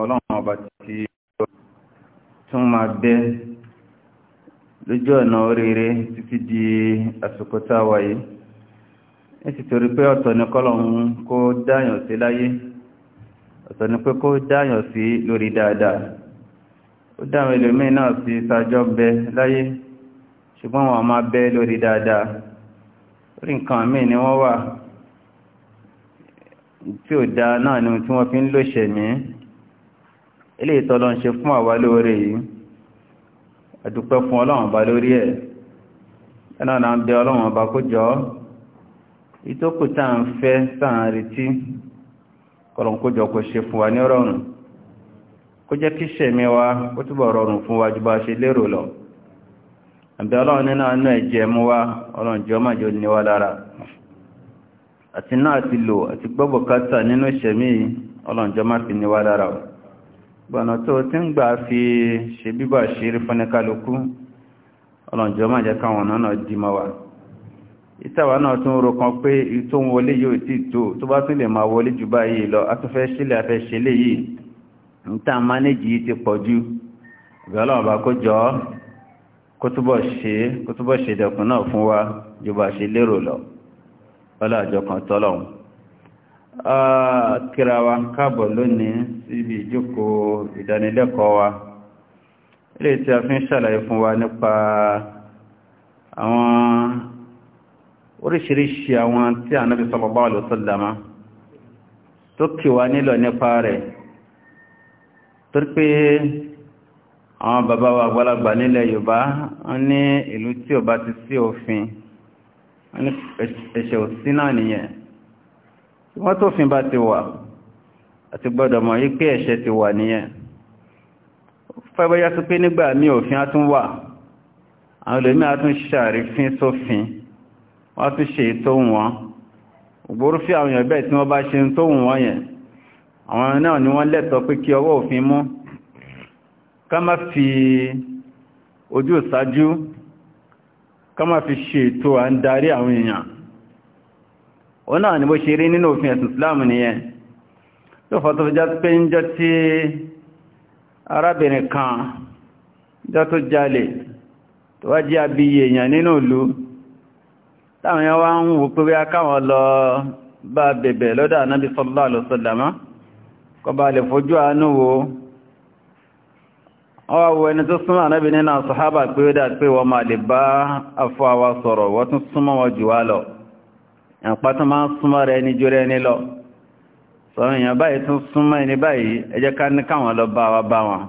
ọlọ́run ọba tí ó tún máa bẹ lójú ọ̀nà oríire títí di àsìkò tá a wà yìí ní ti torí pé ọ̀tọ̀ ni kọ́lọ̀hún kó dáyàn sí láyé ọ̀tọ̀ ni pé kó dáyàn sí lórí dáadáa ó dáhùn ẹlòmíì náà sí sájọ́ bẹ láyé ṣùgbọ́n wọn máa bẹ lórí dáadáa orí nǹkan míì ni wọ́n wà tí ò dáa náà ni tí wọ́n fi ń lòṣẹ̀mí eléyìí tí Ọlọ́run ṣe fún àwa lóore yìí àdúpẹ́ fún Ọlọ́run ọba lórí ẹ̀ ẹ̀nà náà ń bẹ Ọlọ́run ọba kó jọ ìtókù tá à ń fẹ́ tá ń retí kọlọ̀n kó jọ kó ṣe fún wa ní rọrùn kó jẹ́ kí ṣẹ̀mí wa ó túbọ̀ rọrùn fún wa ju bá ṣe lérò lọ àbí Ọlọ́run nínú àánú ẹ̀jẹ̀ mú wa Ọlọ́run jọ máa jọ ní wa lára àti náà ti lò àti gbọ́bọ̀ kátà nínú ìṣẹ̀mí Ọlọ́run jọ máa fi ní wa lára o gbọ̀nà tó tí ń gbà fi ṣe bíbà ṣeré fún ẹkàlùkú ọlọ́njọ́ máa jẹ́ káwọn náà dì mọ́ wa ìtàwà náà tún ro kan pé tó ń wọlé yóò tí tó tó bá tún lè máa wọlé jù báyìí lọ afẹ́fẹ́ sílẹ̀ afẹ́ ṣẹlẹ̀ yìí ń tà mánéjì ti pọ̀ jù ìgbàlọ́ọ̀bá kó jọ kírawa ń káàbọ̀ lónìí síbi ìjókòó ìdánilẹ́kọ̀ọ́ wa ilé tí a fi ń ṣàlàyé fún wa nípa àwọn oríṣiríṣi àwọn tí Ànábì sallallahu alaihi wasallam tó kì wá nílọ̀ nípa rẹ̀ torí pé àwọn bàbá wa àgbàlagbà nílẹ̀ Yorùbá ní ìlú tí ò bá ti sí òfin ẹ̀ṣẹ̀ òsínà nìyẹn wọ́n tó fi bá ti wà àti gbọ́dọ̀ mọ̀ yí pé ẹ̀ṣẹ̀ ti wà nìyẹn fẹ́bẹ́yá tó pé nígbà mí òfin atún wà àwọn olèmí atún ṣàrífín sófin wọ́n tún ṣe tó wọ́n ògbórúfí àwọn èèyàn tí wọ́n bá ṣe tó wọ́n yẹn àwọn náà ni wọ́n lẹ́tọ̀ọ́ pé kí ọwọ́ òfin mú ká má fi ojú ìsájú ká má fi ṣe à ń darí àwọn èèyàn òun náà ni bó ṣe rí nínú òfin ẹ̀sùn islam nìyẹn ló fọ́tọ̀ fi já pé ń jọ tí arábìnrin kan jọ tó jalè tó wá jí abiyè èèyàn nínú ìlú táwọn yẹn wá ń wò pé wíyá káwọn lọ bá bẹ̀bẹ̀ lọ́dọ̀ ànábì sallallahu alaihi ẹ̀pá tó máa ń súnmọ́ rẹ̀ ní jórẹ́ ní lọ sọ̀rọ̀ èèyàn báyìí tún súnmọ́ ẹni báyìí ẹ jẹ́ ká ní káwọn lọ bá wa bá wọn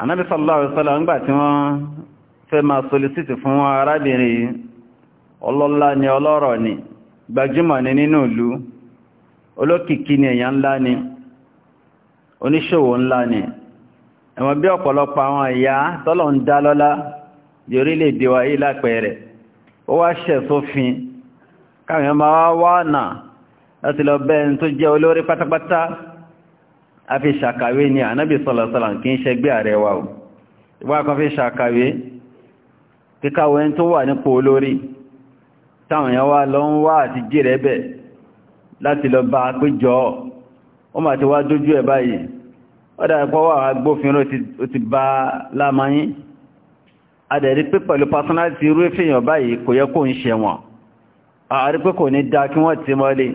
Ànábì sallallahu alaihi ńgbà tí wọ́n fẹ́ máa soliciti fún arábìnrin yìí ọlọ́lá ni ọlọ́rọ̀ ni gbajúmọ̀ ni nínú ìlú olókìkí ni èèyàn ńlá ni oníṣòwò ńlá ni ẹ̀wọ̀n bí ọ̀pọ̀lọpọ̀ àwọn ìyá tọ́lọ̀ ń dá lọ́lá di orílẹ̀-èdè wa yìí lápẹẹrẹ ó wá ṣẹ̀ sófin káwọn ma wá wá náà láti lọ bẹ́ẹ̀ tó jẹ́ olórí pátápátá a fi ṣàkàwé ní ànábì sọ́lọ̀sọ́lọ̀ kí ń ṣẹgbé ààrẹ wa ìwá kan fi ṣàkàwé kíkàwé tó wà nípò olórí táwọn yẹn wá lọ ń wá àti jírẹ́ bẹ̀ láti lọ bá péjọ ó mà ti wá dójú ẹ̀ báyìí ó àrí pé kò ní dá kí wọ́n ti mọ́lé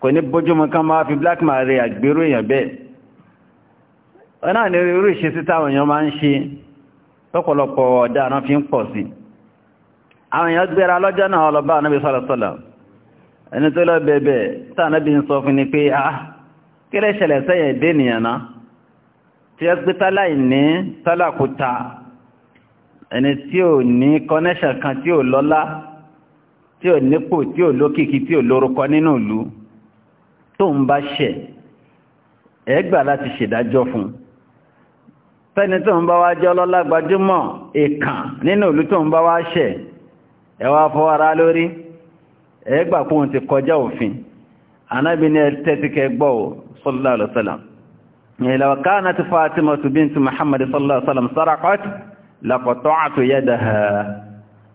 kò ní bójúmu kan máa fi black man rẹ̀ àgbérò èèyàn bẹ́ẹ̀ wọ́n náà ní irú ìṣesí táwọn èèyàn máa ń ṣe lọ́pọ̀lọpọ̀ ọ̀daràn fi ń pọ̀ sí àwọn èèyàn gbéra lọ́jọ́ náà ọlọ́bá anábì sọ́lọ̀sọ́lọ̀ ẹni ni pé ah tí ò nípò tí ò lókìkí tí ò lórúkọ nínú ìlú tó ń bá ṣẹ̀ ẹgbà láti ṣèdájọ́ fún fẹ́ni tó ń bá wá jẹ́ ọlọ́lá gbajúmọ̀ ìkàn nínú ìlú tó ń bá wá ṣẹ̀ ẹ wá fọwọ́ ara lórí ẹgbà kóhun ti kọjá òfin anábì ní gbọ́ ò sallallahu alaihi wasallam law kanat Fatimatu bintu Muhammad sallallahu alaihi wasallam saraqat laqata'tu yadaha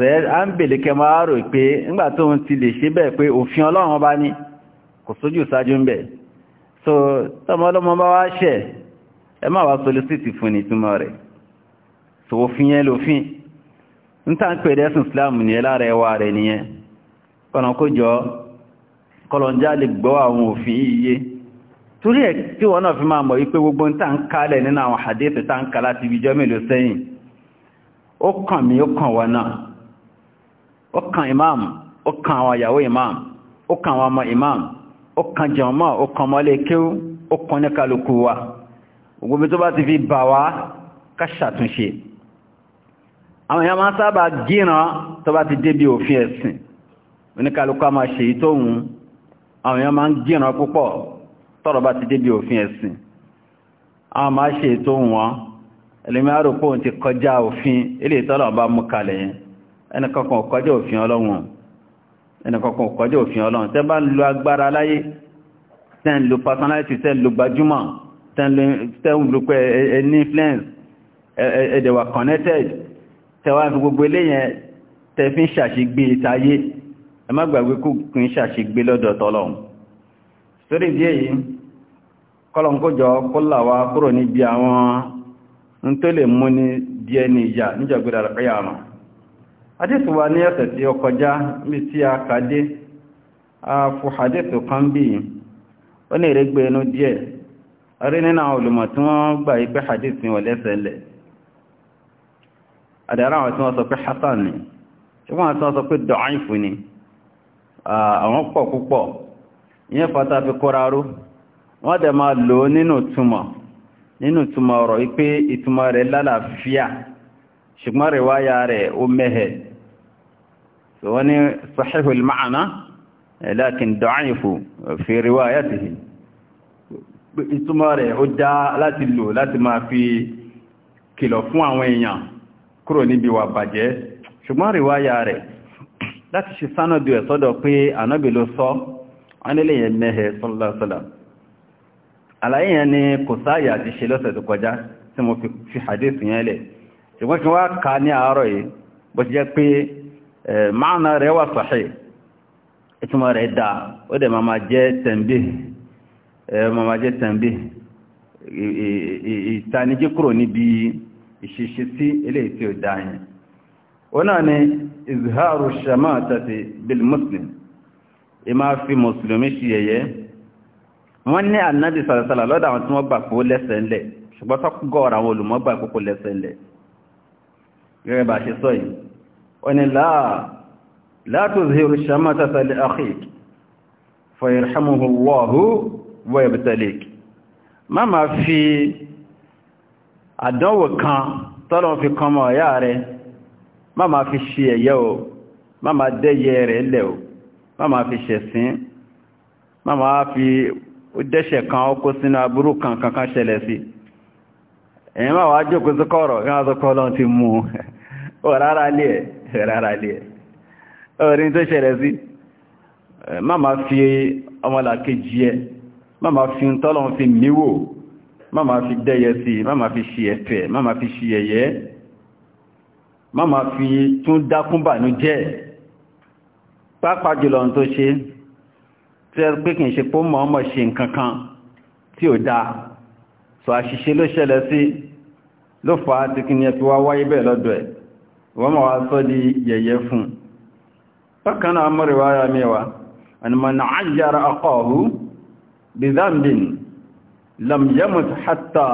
sẹ́ à ń bèlè kẹ máa rò pé ńgbà tó ń ti lè ṣe bẹ́ẹ̀ pé òfin ọlọ́run bá ní kò sójú sájú ń bẹ̀ so tọmọ ọlọ́mọ bá wá ṣẹ̀ ẹ má wá solicity fún ní túmọ̀ rẹ̀ so òfin yẹn lòfin ń tàn pè lẹ́sùn Islam nìyẹn lára ẹwà rẹ̀ nìyẹn kọ́nà kó ó kàn mí ó kàn náà ó kan imam ó kan àwọn ìyàwó imam ó kan àwọn ọmọ imam ó kan jàmá ó kan mọ́lé kéwú ó kan ní kálukú wa gbogbo tó bá ti fi bà wá ká ṣàtúnṣe àwọn èèyàn máa sábà gíran tó bá ti débi òfin ẹ̀sìn oníkálukú a máa ṣe ìtóhun àwọn èèyàn máa ń gíran púpọ̀ tọ́rọ bá ti débi òfin ẹ̀sìn àwọn máa ṣe ìtóhun wọn ẹlẹ́mìí àròpọ̀ ti kọjá òfin ilé ìtọ́lọ̀ bá mú kalẹ̀ yẹn ẹnìkọ̀kan kọjá òfin ọlọ́run ẹnìkọ̀kan kọjá òfin ọlọ́run tẹ́ bá ń lo agbára láyé tẹ́ ń lo personality tẹ́ ń lo gbajúmọ̀ tẹ́ ń lo ẹni influence ẹ̀dẹ̀wà connected tẹ́ wá fi gbogbo eléyẹn tẹ́ fi ń ṣàṣegbé ìtayé ẹ má gbàgbé kú kí ń ṣàṣegbé lọ́dọ̀ tọ́lọ́run sórí ìdí èyí kọ́lọ̀nkójọ kó làwà kúrò níbi àwọn ń lè mú ní díẹ̀ ní ìyà níjọ̀gbẹ̀rẹ̀ àrẹ̀yà hadithu wa ní ọ̀sẹ̀ tí ó kọjá bí tí a kàdé a fò hadithu kan bí ó ní ìrégbé inú díẹ̀ rí nínú àwọn olùmọ̀ tí wọ́n gbà yí pé hadithu wọ̀ lẹ́sẹ̀lẹ̀ àdára àwọn tí wọ́n sọ pé ni ṣùgbọ́n ni àwọn pọ̀ púpọ̀ ìyẹn fata fi ṣùgbọ́n rẹwáyà rẹ̀ ó mẹ́hẹ̀ so wọ́n ni sahihu al-ma'ana lakin da'ifu fi riwayatihi ìtumọ̀ rẹ̀ ó dá láti lò láti máa fi kìlọ̀ fún àwọn èèyàn kúrò níbi wà bàjẹ́ ṣùgbọ́n rẹwáyà rẹ̀ láti ṣe sánàdù ẹ̀ sọ́dọ̀ pé ànábì ló sọ wọ́n yẹn mẹ́hẹ̀ ṣùgbọ́n kí wá kà ní àárọ̀ yìí bó ti jẹ́ pé máàna rẹ̀ wà sahih ìtumọ̀ rẹ̀ dáa ó dẹ̀ máa jẹ́ tẹ̀m̀bí máa jẹ́ tẹ̀m̀bí ìtanijí kúrò níbi ìṣiṣẹ́ sí eléyìí tí ó dáa ni izharu shamatati bil muslim ìmá fi mùsùlùmí ṣe yẹ̀yẹ́ wọ́n ní ànábì sàrẹ̀sàrẹ̀ lọ́dọ̀ àwọn tí wọ́n gbà kó lẹ́sẹ̀ ńlẹ̀ ṣùgbọ́n tó gọ́ọ̀rọ̀ àwọn olùmọ́gbà kó lẹ́sẹ̀ gẹ́gẹ́ bá ṣe sọ yìí wọ́n ni látò zíru ṣamata tàbí àkíkì fọ̀yẹ̀rẹ̀hámuhùwọ́hù wẹ́bẹ̀tẹ̀lẹ̀kì má ma fi àdánwò kan tọ́lọ̀ fi kọmọ ọ̀yá rẹ̀ má ma fi ṣe ẹ̀yẹ́ o má ma dẹ́yẹ rẹ̀ lẹ̀ o má ma fi ṣẹ̀sín má ma fi dẹ́ṣẹ̀ kan ó kó sínú aburú kan kankan ṣẹlẹ̀ sí ẹ̀yìn má wá jókòó sí kọ́rọ̀ kí wọ́n sọ ti mú un ọ̀rára lé ẹ̀ rárá lé ẹ̀ ọ̀rin tó ṣẹlẹ̀ sí má ma fi ọmọlàkejì ẹ má ma fi tọ́lọ̀ fi míwò má ma fi dẹ́yẹ sí má ma fi ṣe ẹ̀fẹ̀ má ma fi ṣe ẹ̀yẹ má ma fi tún dákúnbànú jẹ́ pápá jùlọ tó ṣe tí ẹ pé kì ló ṣẹlẹ̀ ti kí ni ẹ fi wá wáyé bẹ́ẹ̀ lọ́dọ̀ ẹ̀ wọ́n ma wá sọ di yẹ̀yẹ́ fún bákan náà mọ́rẹ̀wá ya mẹ́wàá an man ajjara aqahu bi dhanbin lam yamut hatta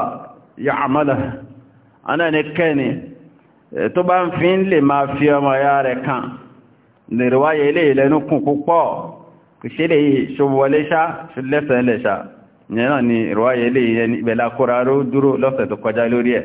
ya'malahu ana ne kẹ́ni tó bá ń fi ń lè máa fi ọmọ ya rẹ̀ kan nìrìwáyé ilé ìlẹ́nu kùn púpọ̀ kò ṣe lè ṣòwọlé lọ́sẹ̀ tó kọjá lórí ẹ̀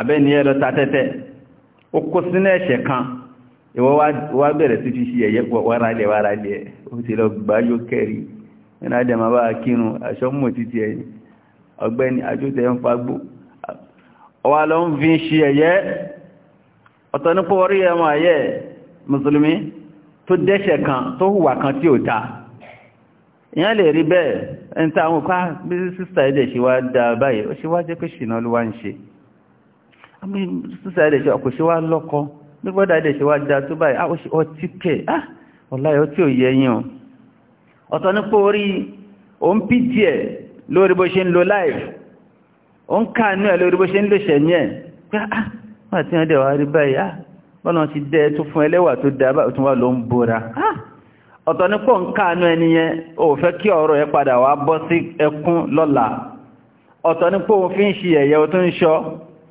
àbẹ́ni ẹ̀rọ ta tẹ́tẹ́ ó kó sínú ẹ̀ṣẹ̀ kan ìwọ wá bẹ̀rẹ̀ sí fi ṣe ẹ̀yẹ́ wára ilẹ̀ wára ilẹ̀ ó ti lọ gbá yóò kẹ́rì nínú àdẹ̀mà bá kírun àṣọ́mù títí ẹ̀yìn ọgbẹ́ni àjútẹ̀ ń fagbó ọwá lọ ń fi ṣe ẹ̀yẹ́ ọ̀tọ̀ nípò orí ẹmọ ayẹ́ mùsùlùmí tó dẹ́ṣẹ̀ kan tó hùwà kan tí ò ta ìyẹn lè rí bẹ́ẹ̀ ẹni táwọn ká bí sísà ẹ̀dẹ̀ ṣe wá dáa báyìí ó ṣe wá jẹ́ pé ṣìnà ló wá ń ṣe sísá ẹ̀dẹ̀ ṣe ọkọ̀ ṣe wá lọ́kọ́ nígbọ́dá ẹ̀dẹ̀ ṣe wá já tó báyìí ọtí ah, kẹ̀ ọláyọ̀ ah, tí ò yẹ yín o nípa orí o pí díẹ̀ lórí bó ṣe ń lo láìf o káànú ẹ̀ lórí bó ṣe ń lò ṣẹ̀ní ah, ọ̀tọ̀ nípa o fi ń ṣe ẹ̀yẹ o tó ń ṣọ́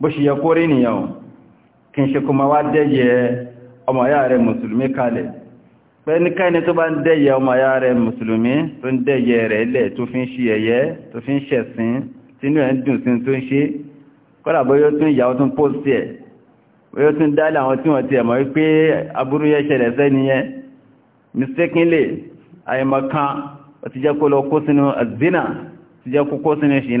bó ṣe yẹ kó rí nìyàn o kí n ṣe kó ma wá dẹ́yẹ ọmọ ayá rẹ̀ mùsùlùmí kalẹ̀ pẹ́nikẹ́ni tó bá ń dẹ́yẹ ọmọ ayá rẹ̀ mùsùlùmí tó ń dẹ́yẹ rẹ̀ lẹ̀ tó fi ń ṣe ẹ̀yẹ tó fi ń ṣẹ̀sìn tínú ẹ̀ ń dùn sí tó ń ṣe kọ́lá bóyá tún ìyàwó tún pósìtì ẹ̀ bóyá tún dálẹ̀ àwọn tí wọ́n ti ẹ̀mọ́ wípé aburú yẹn ṣẹlẹ̀ sẹ́ni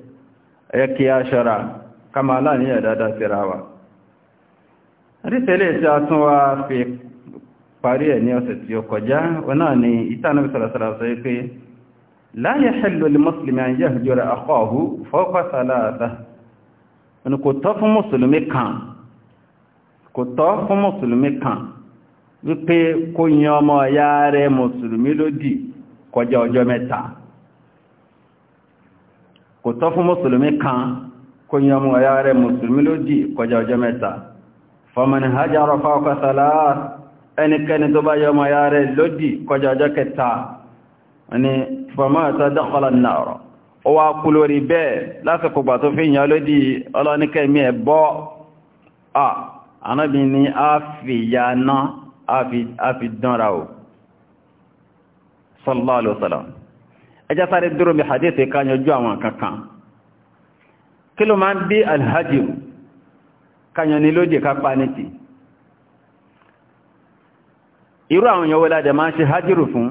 ẹ kí a ṣọ́ra ká máa láàníyàn dáadáa síra wa àdíṣẹ́lẹ̀ tí a tún wá fi parí ẹ̀ ní ọ̀sẹ̀ tí ó kọjá wọn náà ni ìtànàbí sọ̀rọ̀sọ̀rọ̀ sọ pé la yahillu lil muslimi an yahjura akhahu fawqa thalatha ni kò tọ́ fún mùsùlùmí kan kò tọ́ fún mùsùlùmí kan wípé kó yan ọmọ ya kọjá ọjọ́ mẹ́ta kò tọ́ fún mùsùlùmí kan kó yọmú ọ̀yá rẹ̀ mùsùlùmí ló dì kọjá ọjọ́ mẹ́ta fọmọ̀nì hajjára fáwọkọsàlá ẹnikẹ́ni tó bá yọmú ọ̀yá rẹ̀ ló dì kọjá ọjọ́ kẹta ni fọmọ̀ ẹ̀tọ́ dọ́kọlọ náà ó wá kú a fi ya ná a fi dánra o sallallahu alaihi wasallam ẹjá sáré dúró bí hadithi ká yanjú àwọn kankan kí ló máa ń bí alhajjim káyan ni lóde ká pa ní ti irú àwọn èèyàn wọlé àdẹ̀ máa ń ṣe hajjiru fún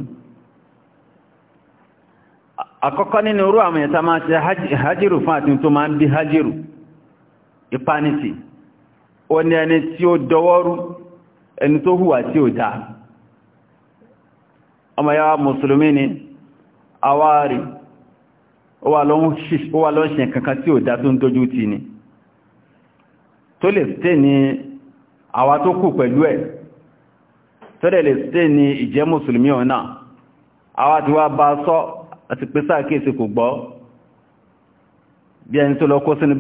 àkọ́kọ́ nínú irú àwọn èèyàn máa ṣe hajjiru fún àti tó máa ń bí hajjiru ìpanìtì ó ní ẹni tí ó dọwọ́rú ẹni tó hùwà tí ó dáa ọmọ yàwá mùsùlùmí ni àwárí ó wà lọ ṣe kankan tí ò dá tó ń tójú ti ni tó lè tẹ́ ni àwa tó kù pẹ̀lú ẹ̀ tó lè lè tẹ́ ni ìjẹ́ mùsùlùmí ọ̀nà àwa tí wá bá sọ àti pé sáàkíyèsí kò gbọ́ bí ẹni tó lọ kó sínú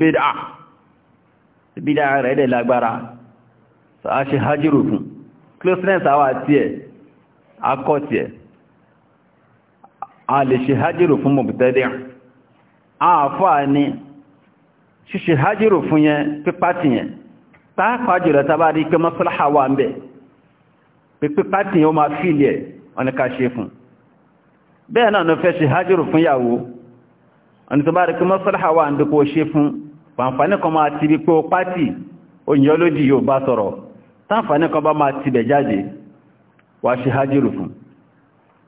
bídà rẹ̀ a lè ṣe hajjírò fún mọ̀bùtẹ́dẹ̀ àáfà ní ṣíṣe hajjírò fún yẹn pípàtì yẹn pàápàá jùlọ tàbá rí pé mọ́sálàhà wà ń bẹ̀ pé pípàtì yẹn ó máa fíìlì ẹ̀ ọ̀nìká ṣe fún bẹ́ẹ̀ náà ló fẹ́ ṣe hajjírò fún yàwó ọ̀nì tó bá rí pé mọ́sálàhà wà ń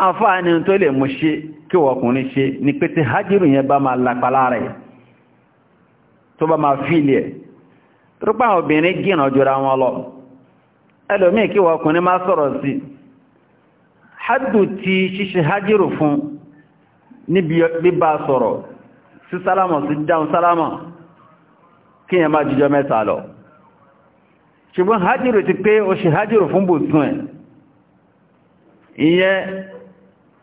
àǹfààní tó lè mú ṣe kí wọkùnrin ṣe ní pé tí hajjiru yẹn bá máa lápàlá rẹ̀ tó bá máa fílì ẹ̀ rúpa obìnrin gìnà jùra wọn lọ ẹlòmíì kí wọkùnrin máa sọ̀rọ̀ sí hajjù ti ṣíṣe hajjiru fún níbi bíbá sọ̀rọ̀ sí sálámọ̀ sí dáun sálámọ̀ kí yẹn máa jíjọ mẹ́ta lọ ṣùgbọ́n hajjiru ti pé ó ṣe hajjiru fún bùsùn ẹ̀ ìyẹn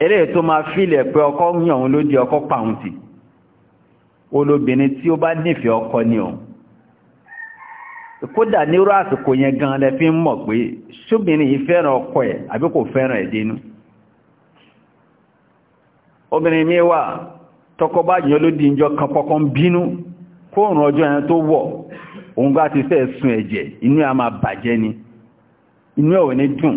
eré tó máa fílẹ̀ pé ọkọ yàn òun ló di ọkọ pàun tì olóbìnrin tí ó bá nífẹ̀ẹ́ ọkọ ni òun kódà nírú àsìkò yẹn gan lẹ fi ń mọ̀ pé ṣóbìnrin yìí fẹ́ràn ọkọ ẹ̀ àbí kò fẹ́ràn ẹ̀ dénú obìnrin mi wà tọkọ bá yàn ló di ìjọ kan pọkọ ń bínú kó òrùn ọjọ́ yẹn tó wọ̀ òun gbá ti fẹ́ sun ẹ̀jẹ̀ inú ẹ̀ máa bàjẹ́ ni inú ẹ̀ ò ní dùn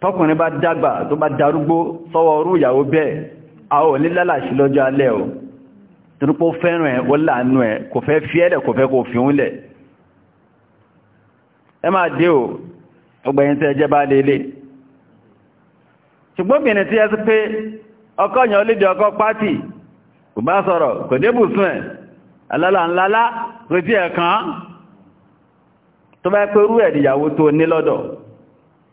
tọkùnrin bá dàgbà tó bá darúgbó sọ́wọ́ orú ìyàwó bẹ́ẹ̀ a ò ní lálàṣí lọ́jọ́ alẹ́ o torípó fẹ́ràn ẹ̀ ó láàánú ẹ̀ kò fẹ́ fi ẹ́lẹ̀ kò fẹ́ kò fi ń lẹ̀ ẹ máa dé o ọgbẹ̀yìn tẹ́ jẹ́ bá lélẹ̀ ṣùgbọ́n tí ẹ sí pé ọkọ yàn olédè ọkọ pátì kò bá sọ̀rọ̀ kò débùsùn ẹ̀ alálà ńlálá retí ẹ̀kan tó bá pẹ́rú ẹ̀dìyàwó tó ní lọ́dọ̀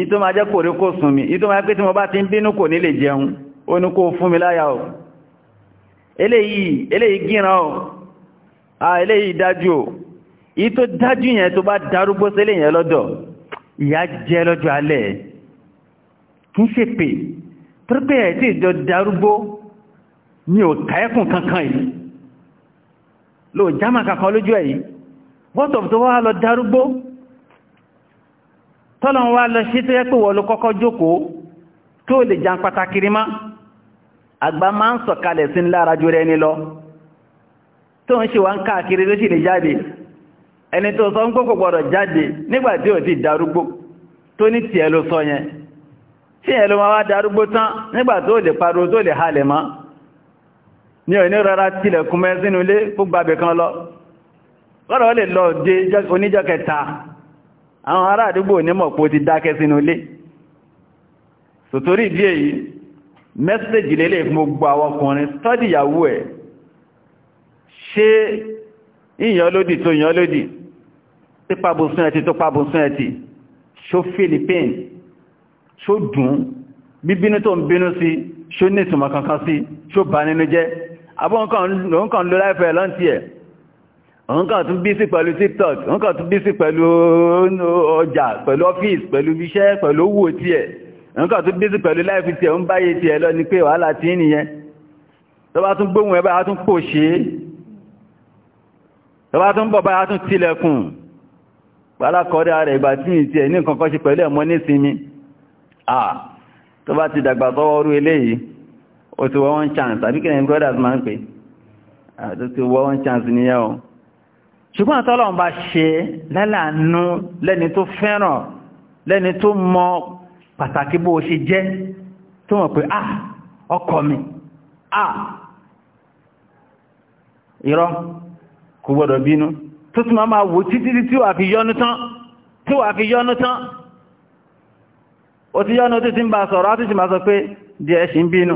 ìtò máa jẹ́ kò rí kò sùn mi ìtò máa pé tí mo bá ti ń bínú kò ní lè jẹun ó ní kó fún mi láyà ọ̀ eléyìí eléyìí gíran ọ̀ à eléyìí dájú ò ìtò dájú yẹn tó bá darúgbó sí eléyìn lọ́dọ̀ ìyá jẹ́ lọ́jọ́ alẹ́ kí ń ṣe pè pẹ́pẹ́ tí ìjọ darúgbó ni ò káẹ́kùn kankan yìí lò jámà kankan lójú ẹ̀ yìí bọ́tọ̀ tó wá lọ darúgbó tọ́lọ̀n wá lọ sí tó yẹ pé wọ́n ló kọ́kọ́ jókòó tó lè jan pàtàkìrí má àgbà máa ń sọ̀kalẹ̀ sí lára jù rẹ ní lọ tó ń ṣe wá ń káàkiri ló sì lè jáde ẹni tó sọ ń gbókò gbọ́dọ̀ jáde nígbàtí ò ti darúgbó tó ní tiẹ̀ ló sọ yẹn tí ẹ̀ ló máa wá darúgbó tán nígbà tó lè pariwo tó lè halẹ̀ mọ́ ní òní rárá tilẹ̀kùn mẹ́sínú ilé gbogbo abẹ̀kan lọ lọ́rọ̀ lè lọ dé oníjọ́ kẹta àwọn ará àdúgbò nímọ̀ pé ó ti dákẹ́ sínú ilé sòtórí ìdí èyí mẹ́sẹ̀jì lélẹ̀ fún gbogbo àwọn ọkùnrin stọ́dì ìyàwó ẹ̀ ṣe ìyànlódì tó ìyànlódì tí pàbùsùn ẹ̀tì tó pàbùsùn ẹ̀tì ṣó philippine ṣó dùn bíbínú tó ń bínú sí ṣó ní ìtumọ̀ kankan wọ́n kàn tún bísí pẹ̀lú tiktok wọ́n kàn tún bísí pẹ̀lú ọjà pẹ̀lú ọ́fíìsì pẹ̀lú iṣẹ́ pẹ̀lú owó tí ẹ̀ wọ́n kàn tún bísí pẹ̀lú láìfi tí ẹ̀ ń báyé tí ẹ̀ lọ ní pé wàhálà tí nìyẹn tó bá tún gbóhùn ẹbá tún pò ṣe tó bá tún bọ̀bá tún tilẹ̀kùn pálákọ̀ọ́rẹ́ tí ah tó bá ti dàgbà tọ́wọ́rú chance àbíkẹ́ ni brothers máa ń pè chance níyẹn o ṣùgbọ́n àtọ́lọ́run bá ṣe lẹ́lànú lẹ́ni tó fẹ́ràn lẹ́ni tó mọ pàtàkì bó ṣe jẹ́ tó mọ̀ pé ah ọkọ mi ah irọ́ kò gbọ́dọ̀ bínú tó tún máa wò títí tí wà fi yọ́nú tán tí wà fi yọ́nú tán ó ti yọ́nú tó ń bá sọ̀rọ̀ á ti máa sọ pé díẹ̀ ṣì ń bínú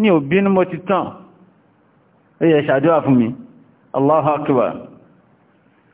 ní ah, ò mo ti tán ó yẹ ṣàdúrà fún mi Allahu Akbar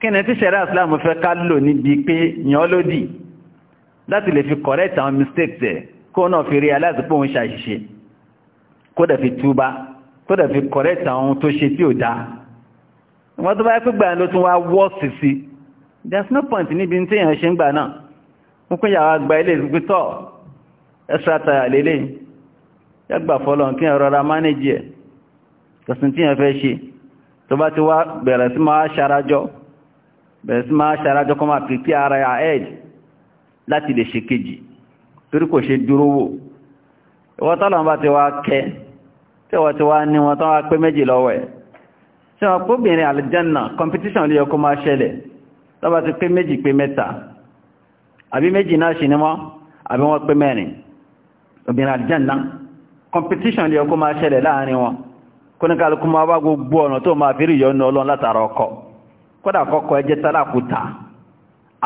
kíni tí ṣẹ̀rá islam fẹ́ ká lò níbi pé yàn lódì láti lè fi correct àwọn mistakes ẹ̀ kó náà fi realize pé òun ṣàṣìṣe kó dẹ̀ fi túbá kó dẹ̀ fi correct àwọn tó ṣe tí ò dá wọ́n tó bá yẹ pé ló tún wá wọ́ sí sí there's no point níbi tí èèyàn ṣe ń gbà náà wọ́n pín yàrá gba ilé ìgbé tọ́ ẹ̀sùn àtàyà lélẹ̀ yàgbà fọlọ́n kí ẹ̀rọ ra mánéjì ẹ̀ kọ̀sìn tí èèyàn fẹ́ ṣe tó bá ti wá bẹ̀rẹ̀ sí máa ṣarajọ́ bẹ̀rẹ̀ sí máa ṣàrájọ́ kọ́ máa pèpí ara ya ẹ́ẹ̀d láti lè ṣe kejì torí kò ṣe dúró wò ìwọ́n tọ́lọ̀ bá ti wá kẹ́ tí wọ́n ti wá ní wọn tán wá pé méjì lọ́wọ́ tí wọ́n kóbìnrin àlìjánà competition lè yẹ kó máa ṣẹlẹ̀ tọ́ba ti pé méjì pé mẹ́ta àbí méjì náà ṣì ní wọ́n àbí wọ́n pé mẹ́rin obìnrin àlìjánà competition lè yẹ kó máa ṣẹlẹ̀ láàrin wọn kóníkàlùkù máa wá gbogbo ọ̀nà tó máa fi rí ìyọnu ọlọ́run látara ọkọ̀ kódà kọ́kọ́ ẹjẹ́ tálákùtà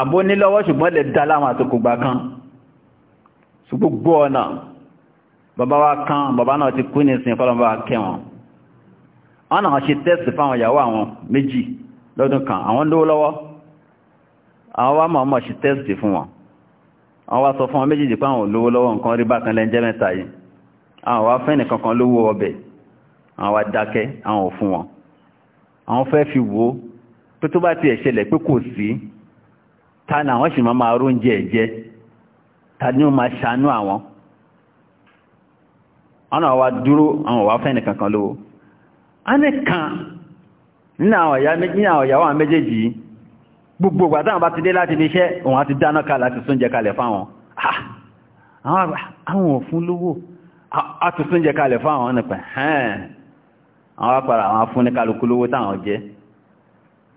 àbó nílọ́wọ́ ṣùgbọ́n lè dá láwọn àtòkùgbà kan ṣùgbogbo ọ̀nà bàbá wa kan bàbá náà ti kú ní ìsìn fọ́lọ́mọ́ bá kẹ́ wọn wọ́n náà ṣe tẹ́sì fáwọn ìyàwó àwọn méjì lọ́dún kan àwọn lówó lọ́wọ́ àwọn wá mọ̀ọ́mọ̀ ṣe tẹ́sì fún wọn àwọn wá sọ fún wọn méjì dípá àwọn lówó lọ́wọ́ nǹkan rí bákan lẹ́njẹ́ fẹ́ fi wò pé tó bá ti ẹ̀ṣẹlẹ̀ pé kò sí ta ni àwọn sì máa máa róúnjẹ ẹ̀jẹ́ ta ni ó máa ṣàánú àwọn ọ̀nà wa dúró àwọn òwà fẹ́ni kankan lówó a ní kan nínú àwọn ìyàwó àwọn méjèèjì gbogbo ìgbà táwọn bá ti dé láti fi iṣẹ́ òun àti dáná kalẹ̀ àti súnjẹ kalẹ̀ fáwọn àwọn òfin lówó àti súnjẹ kalẹ̀ fáwọn nípa àwọn apàrà àwọn afúnnikálukú lówó táwọn jẹ́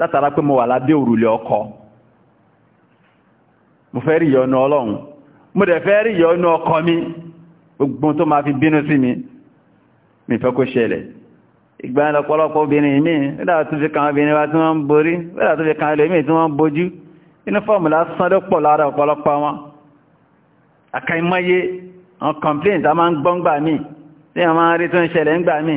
látara pé mo wà lábẹ́ òrùlé ọkọ mo fẹ́ rí ìyọnu ọlọ́run mo dẹ̀ fẹ́ rí ìyọnu ọkọ mi gbogbo tó máa fi bínú sí mi mi fẹ́ kó ṣẹlẹ̀ ìgbà ọ̀pọ̀lọpọ̀ obìnrin mi nígbà tó fi kan obìnrin wa tí wọ́n ń borí nígbà tó fi kan ẹlòmíì tí wọ́n ń bojú inú fọ́ọ̀mù lásán ló pọ̀ lára ọ̀pọ̀lọpọ̀ wọn àkàìmọye àwọn complaint a máa ń gbọ́ ń tí wọ́n máa ń rí tó ń ṣẹlẹ̀ ń gbà míì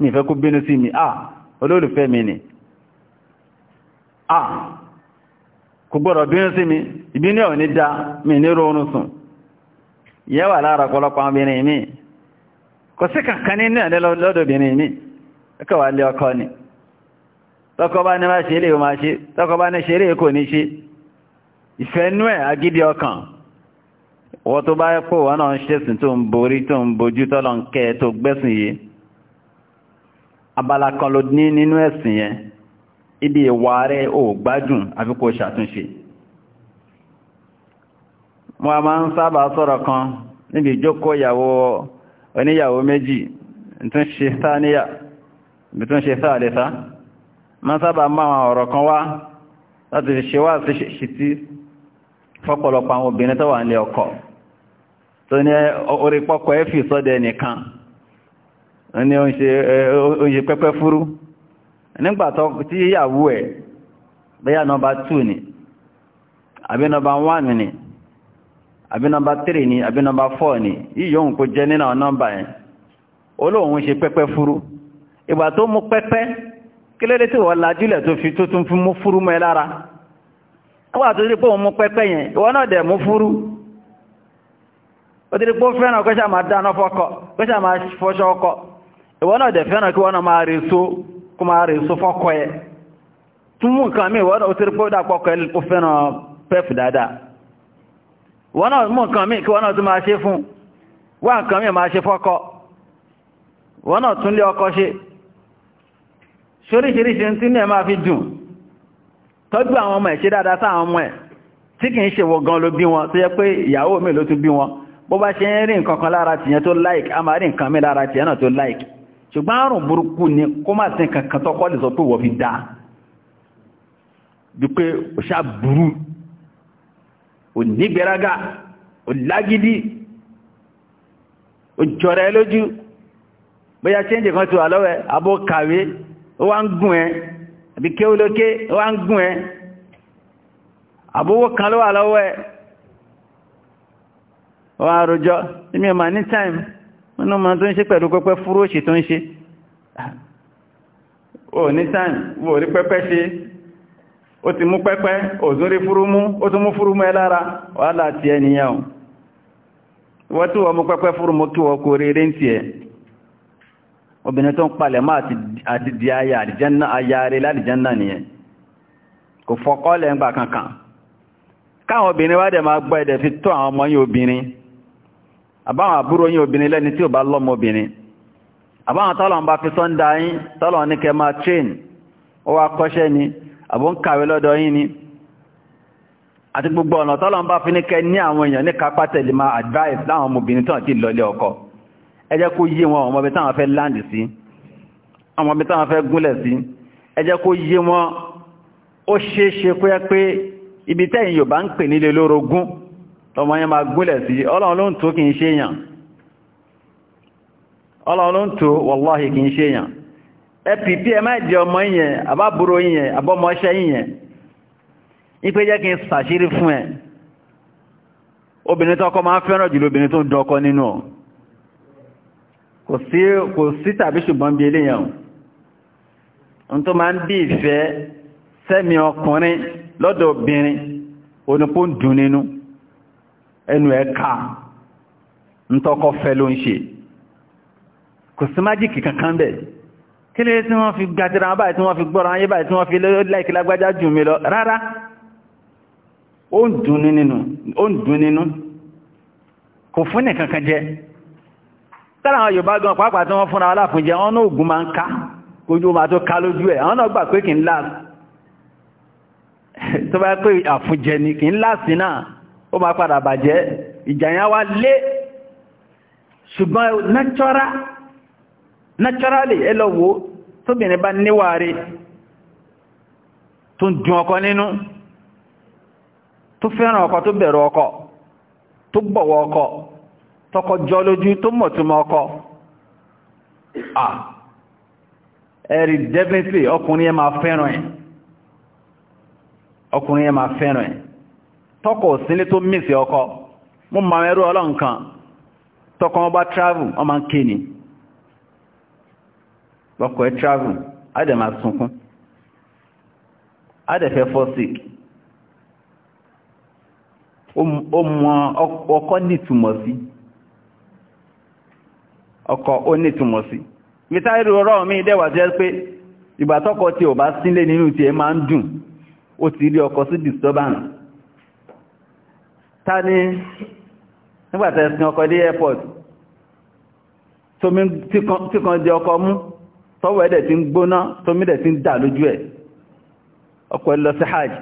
mi fẹ́ kó bínú sí mi ah olólùfẹ́ mi ni ah kò gbọ́dọ̀ bínú sí mi ìbínú ẹ̀ ò ní dá mi ní rọrùn sùn yẹ́ lára ọ̀pọ̀lọpọ̀ obìnrin mi kò sí kankan nínú lọ́dọ̀bìnrin mi ẹkọ̀ lé ọkọ ni tọ́kọ bá ní má ṣe lè máa ṣe tọ́kọ bá ní ṣe lè kò ní ṣe ìfẹ́nú ẹ̀ agídí ọkàn wọ́n tó bá pò wọ́n náà ń abala kan ló ní nínú ẹ̀sìn yẹn ibi ìwà rẹ̀ ò gbádùn àfi kó ṣàtúnṣe mo a máa ń sábà kan níbi ìjókòó ìyàwó oníyàwó méjì tó ṣe sáníyà ibi tó ń ṣe sáàdẹ́sá ma sábà máa àwọn ọ̀rọ̀ kan wá láti ṣe wá sí ṣìtí fọ́pọ̀lọpọ̀ àwọn obìnrin tó wà nílé ọkọ tó ní orí pọ́kọ ẹ́fì sọ́dẹ̀ nìkan ní oúnjẹ pẹ́pẹ́ fúrú nígbàtọ́ tí yíyàwó ẹ̀ bẹ́yà nọmba 2 ni àbí nọmba 1 ni àbí nọmba 3 ni àbí nọmba 4 ni yíyọ òun kò jẹ nínú nọmba ẹ̀ olóòun ṣe pẹ́pẹ́ fúrú ìgbà tó mú pẹ́pẹ́ kí lóde tí wọ́n lajúlẹ̀ tó fi tuntun fi mú fúrú mọ́ ẹ lára nígbà tó rí pé òun mú pẹ́pẹ́ yẹn ìwọ náà dẹ̀ mú fúrú ó ti fẹ́ràn kó máa dáná fọ́kọ kó máa fọṣọ ìwọ́n náà dẹ̀ fẹ́ràn kí wọ́n máa rí so kó máa rí so fọ́kọ́ ẹ tún mú nǹkan mi ìwọ́n náà ó ti rí pé ó dàpọ̀kọ́ ẹ ó fẹ́ràn pẹ́ẹ̀fù dáadáa ìwọ́n náà mú nǹkan mi kí wọ́n náà tún máa ṣe fún wá nǹkan mi máa ṣe fọ́kọ́ ìwọ́n náà tún lé ọkọ ṣe ṣoríṣiríṣi tí ní ẹ máa fi dùn tọ́jú àwọn ọmọ ẹ̀ ṣe dáadáa sáwọn ọmọ ẹ̀ tí kìí ṣe wọ gan ló bí wọn tó yẹ pé ìyàwó mi ló tún bí wọn bó bá ṣe ń rí nǹkan kan lára tìyẹn tó like a máa rí nǹkan mi lára tìyẹn náà tó like ṣùgbọ́n àrùn burúkú ni kó máa tí kankan tó kọ́ lè sọ pé wọ́n fi dáa bí pé ó ṣá burú ò nígbéraga ò lágídí ò jọra ẹ lójú bóyá ṣéǹjì kan ti wà lọ́wẹ́ abó kàwé ó wá ń gùn ẹ àbí kéwólóké ó wá ń gùn ẹ àbówó kan ló wà lọ́wọ́ ó wá rojọ́ ní mi ò ní time inú ma tó ń ṣe pẹ̀lú pẹ́pẹ́ fúróṣì tó ń ṣe ò ní sáìn wò rí pẹ́pẹ́ ṣe ó ti mú pẹ́pẹ́ òzún rí fúrúmú ó tún mú fúrúmú ẹ lára wà láti ẹniyàn wọ́n tí wọ́n mú pẹ́pẹ́ fúrúmú kí wọ́n kò rí rẹ́ntì ẹ̀ obìnrin tó káwọn obìnrin wá dẹ̀ máa gbọ́ ẹ̀dẹ̀ fi tó àwọn ọmọ yìí obìnrin àbáwọn àbúrò yín obìnrin lẹ́ni tí ò bá lọ́mọ obìnrin àbáwọn tọ́lọ̀ ń bá fi sọ́ndà yín tọ́lọ̀ ní kẹ máa train ó wá kọ́ṣẹ́ ni àbó ń kàwé lọ́dọ̀ yín ni àti gbogbo ọ̀nà tọ́lọ̀ ń bá fi ní ní àwọn èèyàn ní kápá advice láwọn ọmọbìnrin tán ti lọlé ọkọ ẹ jẹ́ kó yé wọn ọmọbi táwọn fẹ́ land sí ọmọbi táwọn fẹ́ gúnlẹ̀ sí ẹ jẹ́ kó yé tọmọ yẹn máa sí ọlọ́run ló ń tó ṣe èèyàn ọlọ́run ló ń tó ṣe èèyàn ẹpìpì ẹ máa jẹ ọmọ yẹn àbábúrò yẹn àbọ́mọṣẹ́ yẹn ipe jẹ́ kí n ṣàṣírí fún ẹ obìnrin tọ́kọ máa fẹ́ràn jùlọ obìnrin tó ń dọ́kọ nínú ọ kò sí tàbí ṣùgbọ́n bí eléyàn ohun tó máa ń bí ìfẹ́ ọkùnrin lọ́dọ̀ obìnrin dùn nínú ẹnu ẹ̀ ká ntọ́kọ́ fẹ́ ló ń ṣe kò sí májíkì kankan bẹ̀ kí lè tí wọ́n fi gàtìrà báyìí tí wọ́n fi gbọ́ra ayé báyìí tí wọ́n fi láìkí lágbájá jù mí lọ rárá ó ń dùn nínú kò fún ní kankan jẹ́ tára àwọn Yorùbá gan pàápàá tí wọ́n fúnra aláfúnjẹ wọn náà ògùn máa ń ká kójú ma tó ká lójú ẹ̀ àwọn náà gbà pé kì ń láàá tó bá pé àfúnjẹ ni kì ń láàá náà ó ma padà bàjẹ́ Ìjànyà wa lé ṣùgbọ́n natural naturally ẹlọ́wọ́ tóbìnrin bá níwàárí tó ń dùn ọkọ nínú tó fẹ́ràn ọkọ tó bẹ̀rọ ọkọ tó bọ̀wọ̀ ọkọ tọkọ jọ lójú tó mọ̀túnmọ̀ ọkọ ah ẹ̀rì definitely ọkùnrin ma fẹ́ràn ẹ̀ tọ́kọ̀ sílé tó mìsì ọkọ mú ma ọlọ ọlọ́nkan tọ́kọ̀ ọba travel ọmọ ké ni ọkọ̀ ẹ travel adẹ̀mà sunkún adẹ̀fẹ́ fọ́sík ó mọ ọkọ nìtumọ̀ sí ọkọ ó nìtumọ̀ sí mítàrí ọ̀rọ̀ mi dẹ̀wà jẹ́ pé ìgbà tọ́kọ tí ò bá sílé nínú ẹ máa ń dùn ó ti rí ọkọ sí disturbance ta ní nígbàtẹ̀ sin ọkọ̀ dé airport tómi tí kan jẹ ọkọ̀ mú tọ́wọ́ ẹ̀dẹ̀ tí ń gbóná tómi dẹ̀ tí ń dà lójú ẹ̀ ọkọ̀ lọ sí hajj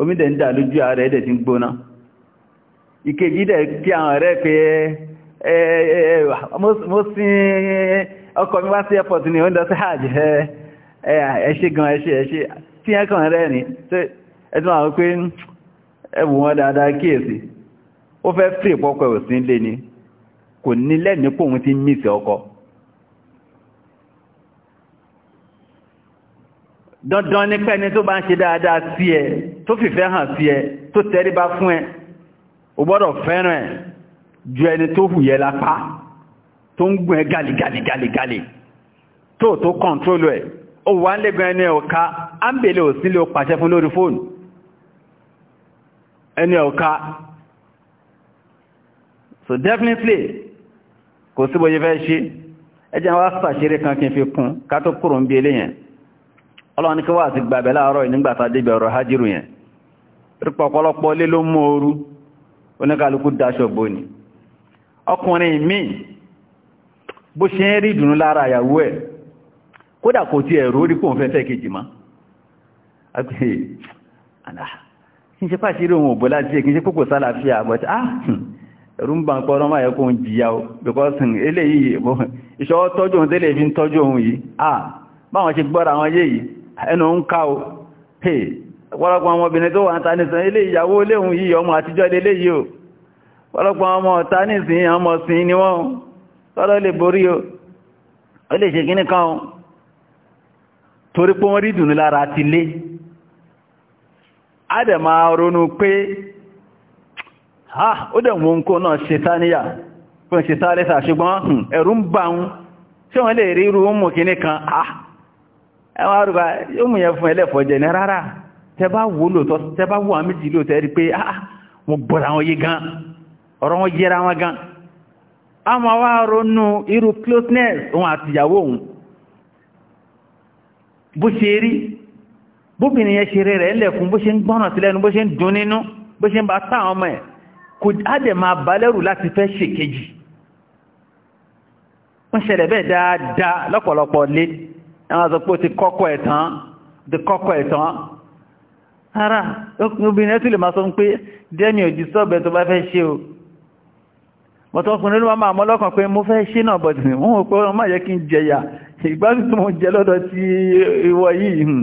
omi dẹ̀ ń dà lójú ààrẹ ẹ̀dẹ̀ tí ń gbóná ìkejì dẹ̀ kí àwọn ọ̀rẹ́ pé mo ọkọ̀ airport ni ó ń hajj ni ẹwù wọn dáadáa kíyèsí ó fẹ́ fi ìpọ́kọ̀ ẹ̀ sí lé ni kò ní lẹ́ni pòun ti mísì ọkọ dandan ní pẹ́ni tó bá ń ṣe dáadáa sí ẹ tó fìfẹ́ hàn sí ẹ tó tẹríba fún ẹ o gbọ́dọ̀ fẹ́ràn ẹ ju ẹni tó hù yẹ lápá tó ń gùn ẹ gàlìgàlìgàlìgàlì tó tó kọ̀ntrólù ẹ ó wà ń lẹ́gbẹ̀ẹ́ ẹni ọ̀ka á òsínlẹ̀ ó pàṣẹ fún lórí fóònù ẹni ọ̀ká so definitely kò síbò yẹ fẹ́ ṣe ẹjẹ́ wá sàṣírí kan kí n fi kún ká tó kúrò ń bí ilé yẹn ọlọ́run ní kí wà sí gbàbẹ̀ láàárọ̀ nígbàtà débẹ̀ ọ̀rọ̀ hajjiru yẹn rípọ̀ ọ̀pọ̀lọpọ̀ lé ló ooru oníkàlùkù dáṣọ̀gbò ọkùnrin míì kí n ṣe pàṣírí ohun òbò láti ẹ̀kí ṣe kókò sálàáfíà but ah rúmbà ń pọ̀ ọlọ́mà jìyà o because hmm, eléyìí ìṣọ́ tọ́jú ohun tẹ́lẹ̀ fi ń tọ́jú ohun yìí ah báwọn ṣe gbọ́ra àwọn yé ẹnu ń ká o hey ọ̀pọ̀lọpọ̀ àwọn obìnrin tó wà o ọ̀pọ̀lọpọ̀ ọmọ ọ̀ta nìsìn ọmọ sin o ó lè ṣe pé wọ́n a dẹ̀ ronú pé ha ó dẹ̀ mú kó náà ṣetáníyà fún ṣetálẹ́sà ṣùgbọ́n hmm, ẹ̀rù ń bá ń ṣe wọ́n lè rí irú mú kìíní kan ha ẹwà rúgbà yóò mú yẹn fún ẹlẹ́fọ́ jẹ ní rárá tẹ bá wò lóòtọ́ tẹ bá wò àmì jì lóòtọ́ ha mo gbọ́ra wọn yé gan ọ̀rọ̀ wọn yẹra bóbìnrin yẹn ṣeré rẹ̀ ńlẹ̀ fún bó ṣe ń gbọ́nà sílẹ̀ ní bó ṣe ń dùn nínú bó ṣe ń bá táwọn ọmọ ẹ̀ kò ádẹ̀ máa balẹ́rù láti fẹ́ ṣèkejì wọ́n ṣẹlẹ̀ bẹ́ẹ̀ dáadáa lọ́pọ̀lọpọ̀ lé àwọn àzọpọ̀ ti kọ́kọ́ ti kọ́kọ́ ẹ̀tàn ara obìnrin tún lè máa sọ pé dẹ́ni òjì sọ́ọ̀bẹ̀ tó bá fẹ́ ṣe o bọ̀tọ̀ ọkùnrin ló máa mọ́ lọ́kàn pé mo fẹ́ ṣe náà bọ̀tì wọ́n mọ̀ pé wọ́n yẹ kí n jẹyà ìgbádùn tó jẹ lọ́dọ̀ ti ìwọ yìí hmm.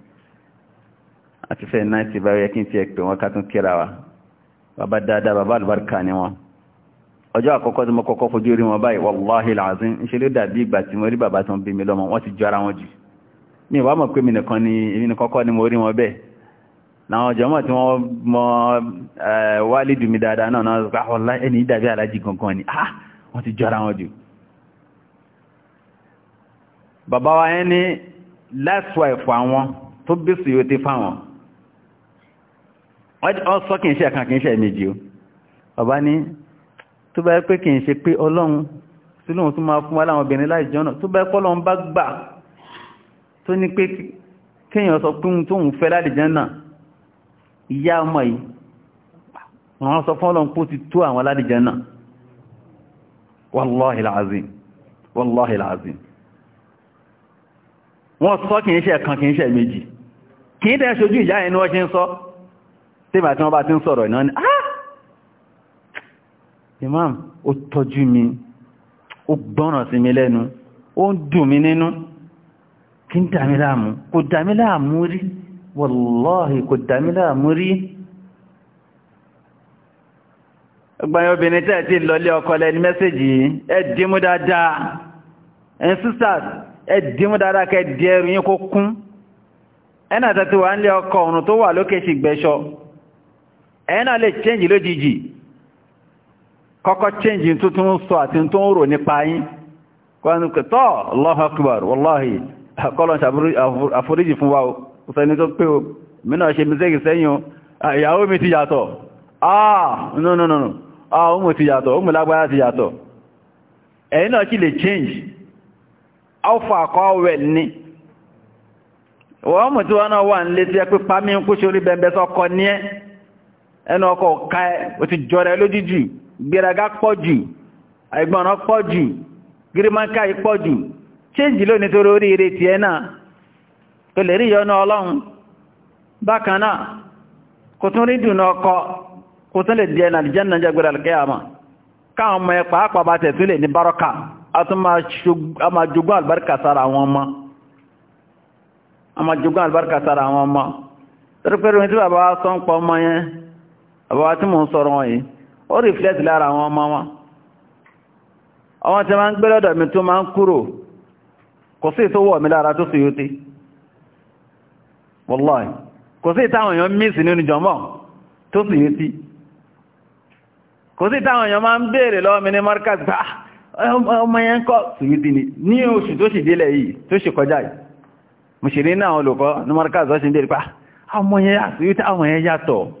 àti fẹ́ náà ti bá yẹ kí n ti ẹ̀pẹ̀ wọn ká tún kíra wa bàbá dáadáa bàbá àlùbáríkà ni wọn ọjọ́ àkọ́kọ́ tí mo kọ́kọ́ fojú rí wọn báyìí wàláhì làzín ń ṣe ló dàbí ìgbà tí mo rí bàbá tó ń bí mi lọ́mọ wọ́n ti jọ ara wọn jù mi ìwà mọ̀ pé mi nìkan ni èmi ni kọ́kọ́ ni mo rí wọn bẹ́ẹ̀ làwọn ọjọ́ mọ̀ tí wọ́n mọ wálé dùn mí dáadáa náà náà sọ pé ah, ah, àwọn tó bí sùn fáwọn ọ́sọ́ kìí ṣe ẹ̀kan kìí ṣe ẹ̀mejì o bàbá ní tó bá pé kìí ṣe pé ọlọ́run sí lóhun tó máa fún wa láwọn obìnrin láì jọ́nà tó bá pọ́lọ́run bá gbà tó ní pé kéèyàn sọ pé ohun tó ń fẹ́ láti jẹ́nà ìyá ọmọ yìí wọ́n sọ fún ọlọ́run pó ti tó àwọn láti jẹ́nà tẹ́bà tí wọ́n bá ti ń sọ̀rọ̀ ìná ni ah imam ó tọ́jú mi ó gbọ́ràn sí mi lẹ́nu ó ń dùn mi nínú kí ń dàmí láàmú kò dàmí láàmú rí wàláhì kò dàmí láàmú rí ọgbàyàn obìnrin tẹ́ ti lọlé ọkọ lẹ́ni mẹ́sẹ̀jì ẹ dìímú dáadáa ẹn sisters ẹ dìímú dáadáa kẹ́ di ẹrù yín kó kún ẹnà tẹ́tí wà ń lé ọkọ ọ̀run tó wà lókè ṣìgbẹ́ṣọ́ ẹ̀yìn náà lè change lójijì kọ́kọ́ change tuntun sọ àti tó ń rò nípa yín kọ́nùkẹ́tọ́ Allahu Akbar kọ́lọ̀ àforíjì fún wa tó pé mínà ṣe sẹ́yìn ah, ah, ah, wọ́n mú tí wọ́n náà wà ń lé tí ẹ pípa mí ń kú ẹnu ọkọ̀ ọ̀ká ẹ o ti jọra ẹ lójú pọ̀ jù àìgbọ̀nà pọ̀ jù gírímánká pọ̀ jù chéǹjì lónìí torí oríire tiẹ̀ náà lè rí ìyọ́nà ọlọ́run bákan náà kò tún rí dùn ọkọ̀ kò tún lè di ẹ̀nà àlìjẹ́nà jẹ́ gbéra lẹ́kẹ́ àmà káwọn ọmọ ẹ pàápàá bá lè ní bárọ́kà a tún máa jogún àlùbáríkà sára àwọn ọmọ àbáwá tí mò ń sọ̀rọ̀ wọn yìí ó reflect lára àwọn ọmọ wọn àwọn tí máa ń gbé lọ́dọ̀ mi tó máa ń kúrò kò sí ìtọ́wọ̀ mi lára tó sùyúti wallahi kò sí ìtàwọn èèyàn mísì nínú jọmọ́ tó sùyúti kò sí ìtàwọn èèyàn máa ń béèrè lọ́wọ́ mi ní markaz ah, ọmọ yẹn ni ní oṣù tó sì délẹ̀ yìí tó sì kọjá yìí mo sì rí náà olùkọ́ ah, yà sùyúti àwọn yẹn yàtọ̀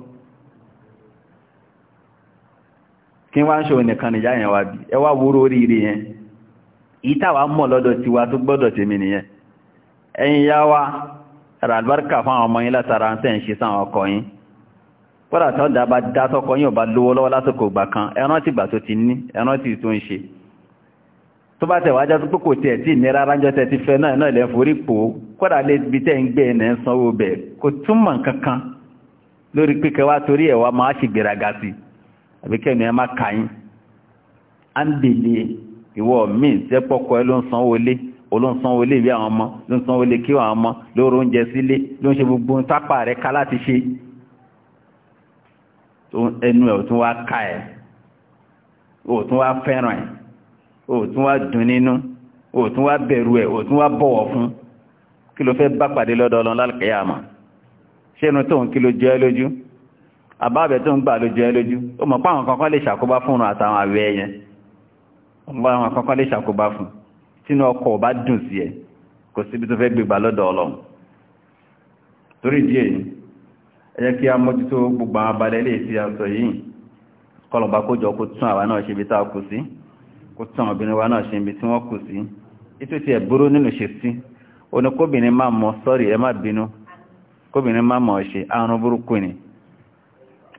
kí wá ń ṣe ònìkan nìyá yẹn wá bí ẹ wá wúrò oríire yẹn ìtawà mọ̀ lọ́dọ̀ tí wa tó gbọ́dọ̀ tèmi nìyẹn ẹ̀yin yá wa ra àlùbáríkà fún àwọn ọmọ yín látara ń tẹ̀ ń ṣe sáwọn ọkọ yín kódà tó dábà dá tọkọ yín ò bá lówó lọ́wọ́ lásìkò ìgbà kan ẹran tìgbà tó ti ní ẹran tì tó ń ṣe tó bá tẹ̀ wájá tó pé kò tiẹ̀ tí ìnira ránjọ́ tẹ ti fẹ́ náà náà lórí pé kẹwàá torí ẹ̀ máa ṣègbéraga sí i àbí kẹ́mi ẹ má kà yín á ń bèlè ìwọ míì sẹ́pọ̀kọ ẹ ló ń sanwó lé ló ń sanwó lé ìwé àwọn ọmọ ló ń sanwó lé kí àwọn ọmọ ló ń oúnjẹ sílé ló ń ṣe gbogbo tápà rẹ ká láti ṣe ẹnu ẹ̀ ò tún wá ká ẹ̀ ò tún wá fẹ́ràn ẹ̀ ò tún wá dùn nínú ò tún wá bẹ̀rù ẹ̀ ò tún wá bọ̀wọ̀ fún kí ló fẹ́ bá pàdé lọ́dọ̀ ọlọ́run lálùkẹ́yà ṣé inú tóun kí ló jẹ́ lójú àbábẹ̀ tó ń gbà lójú ẹ lójú ó mọ̀ páwọn kankan lè ṣàkóbá fún un àtàwọn àwẹ̀ ẹyẹn ọlọ́run kankan lè ṣàkóbá fún tínú ọkọ̀ bá dùn sí ẹ kò síbi tó fẹ́ gbégbà lọ́dọ̀ ọlọ́run torí díẹ̀ ẹ jẹ́ kí a mójútó gbogbo àwọn abalẹ̀ lè fi àṣọ yìí kọlọ̀bá kójọ kó tún àwa kóbìnrin má mọ̀ ṣe àrùn burúkú ni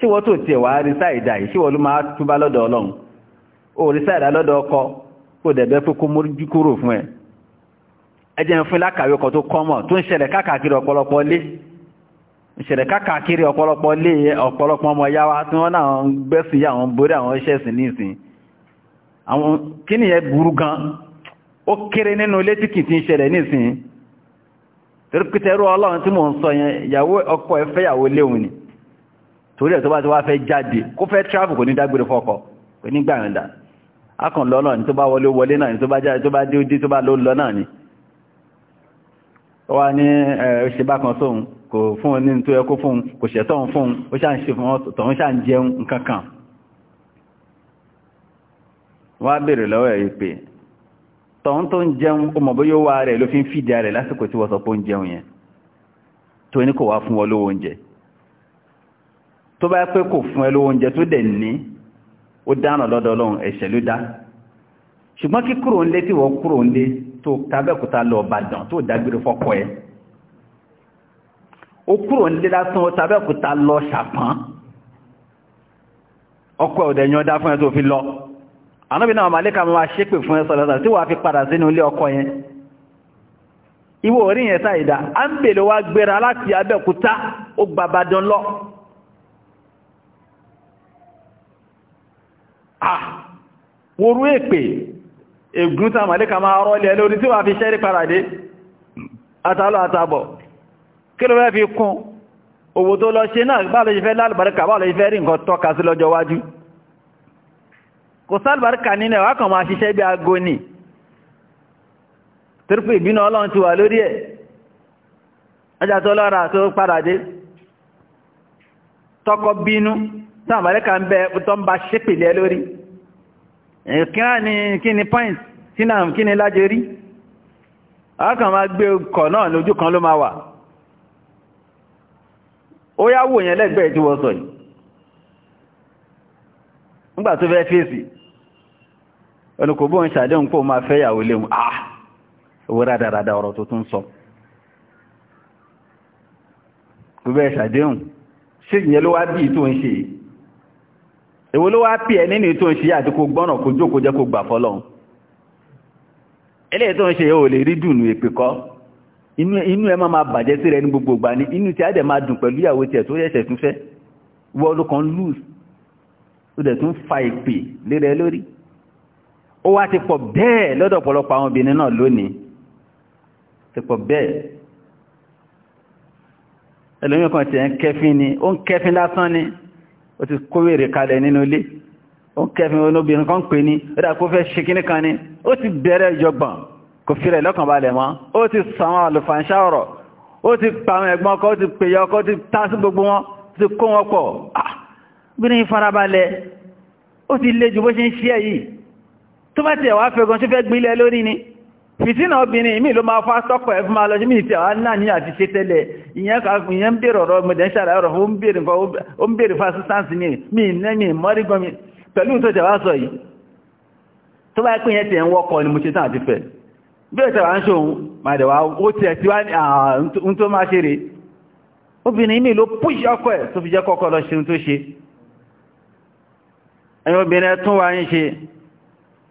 ṣí wọ́n tó ti ẹ̀wà rísà ìdá ló máa túbá lọ́dọ̀ ọlọ́run ó rísà lọ́dọ̀ ọkọ kò dẹ̀bẹ́ pé kó mórí kúrò fún ẹ ẹjẹ́ fún lákàwé tó kọ́mọ̀ tó ń ṣẹlẹ̀ káàkiri ọ̀pọ̀lọpọ̀ lé ọ̀pọ̀lọpọ̀ ya tí wọ́n náà ń gbẹ́sì sọ yẹn ìyàwó ọkọ ni torí ẹ̀ tó bá ti wá fẹ́ jáde kó fẹ́ travel kò ní dágbére fọ́kọ kò ní gbàyànda akàn lọ náà ni tó bá wọlé wọlé náà ni tó bá jáde tó bá dé ojú tó bá ló náà ni ó wá ní ṣe bákan sóhun kò fún un ní tó yẹ kó fún un kò ṣẹ̀ tọ́hun fún un ó ṣà ń ṣe fún tọ̀hún ṣà ń jẹun nǹkan tó bá pé kò fún ẹ lówó oúnjẹ tó dẹ̀ ní ó dáná lọ́dọ̀ ọlọ́run ẹ̀ṣẹ̀ ló dá ṣùgbọ́n kí kúrò ń lé tí wọ́n kúrò ń lé tó kábẹ́kúta lọ Ìbàdàn tó dágbére fọ́kọ ẹ ó kúrò ń lé lásán ó tábẹ́kúta lọ ṣàpán ọkọ ọ̀dẹ̀ yan dá fún ẹ tó fi lọ ànábì náà màlẹ́kà máa ṣépè fún ẹ sọ̀rọ̀ tí wàá fi padà sínú ilé ọkọ yẹn ìwọ orí yẹn sáyidá à ń bèèrè gbéra láti Abẹ́òkúta ó gbàbàdàn lọ àwòrú ah, èpè ègún tàà màlíkà máa rọ́lẹ̀ lórí tí wà fi ṣẹ́rí paradé àtàlọ́ àtàbọ̀ kí ló fẹ́ fi kún owó tó lọ ṣe náà bá lọ ṣe fẹ́ lálùbáríkà bá lọ ṣe fẹ́ rí nǹkan tọ́ka sí lọ́jọ́ wájú kò sálùbáríkà nílẹ̀ wá kàn bínú táwọn mọ̀lẹ́kà ń bẹ tó ń ba ṣépìlẹ̀ lórí kí ni point tí náà kí ni lájẹ rí ọkàn máa gbé ọkọ̀ náà lójú kan ló máa wà ó yá wò yẹn lẹ́gbẹ̀ẹ́ tí wọ́n sọ yìí nígbà tó fẹ́ fèsì olùkòbóhùn ṣàdéhùn pò máa fẹ́ yàwó léhùn ah owó rádaràdà ọ̀rọ̀ tó tún sọ kò bẹ́ẹ̀ ṣàdéhùn ṣe ìyẹn ló wá bí ìtò ń ṣe yìí èwo ló wá pì ẹ nínú tó ń ṣe àti kò gbọ́nà kò jókòó jẹ́ kò gbà fọ́lọ́hun eléyìí tó ń ṣe ò lè rí dùnú èpè kọ́ inú ẹ máa máa bàjẹ́ sí rẹ ní gbogbo ìgbà ní inú tí a dẹ̀ máa dùn pẹ̀lú ìyàwó tiẹ̀ tó yẹ̀ṣẹ̀ tún fẹ́ wọ́n ló kan lose ó dẹ̀ tún fa ìpè lérẹ lórí ó wá ti pọ̀ bẹ́ẹ̀ lọ́dọ̀ ọ̀pọ̀lọpọ̀ àwọn obìnrin náà lónìí ti pọ̀ bẹ́ẹ̀ ẹlòmíràn tiẹ̀ ń kẹfín ni ó ń kẹfín lásán ni ó ti kówèrè kalẹ̀ nínú ilé ó ń kẹfin olóbìnrin kan pè ní ó dà kó fẹ́ ṣe kíní kan ní ó ti bẹ̀rẹ̀ ìjọgbọ̀n kò fìrẹ̀ lọ́kànbalẹ̀ mọ́ ó ti sàwọn àlùfàǹṣá ọ̀rọ̀ ó ti pa ẹ̀gbọ́n ah! le ju bó ṣe ń ṣe yìí tó bá tiẹ̀ wá fẹ́ ni fìtínà obìnrin mi ló máa fá sọ́pọ̀ ẹ̀fún máa lọ sí mi tí àwọn náà ní àti ṣe tẹ́lẹ̀ ìyẹn ń bèèrè ọ̀rọ̀ mọ̀dẹ̀ ń ṣàrà ọ̀rọ̀ ó ń bèèrè fún assistance ní mi nẹ́mi mọ́rígbọ́n mi pẹ̀lú tó tẹ̀wá sọ yìí tó bá pín yẹn tẹ̀ ń wọ́kọ̀ ni mo ṣe tán àti fẹ́ bí ó tẹ̀wá ń ṣòun màdẹ̀wá ó tiẹ̀ tí wá ń tó máa ṣe rè obìnrin mi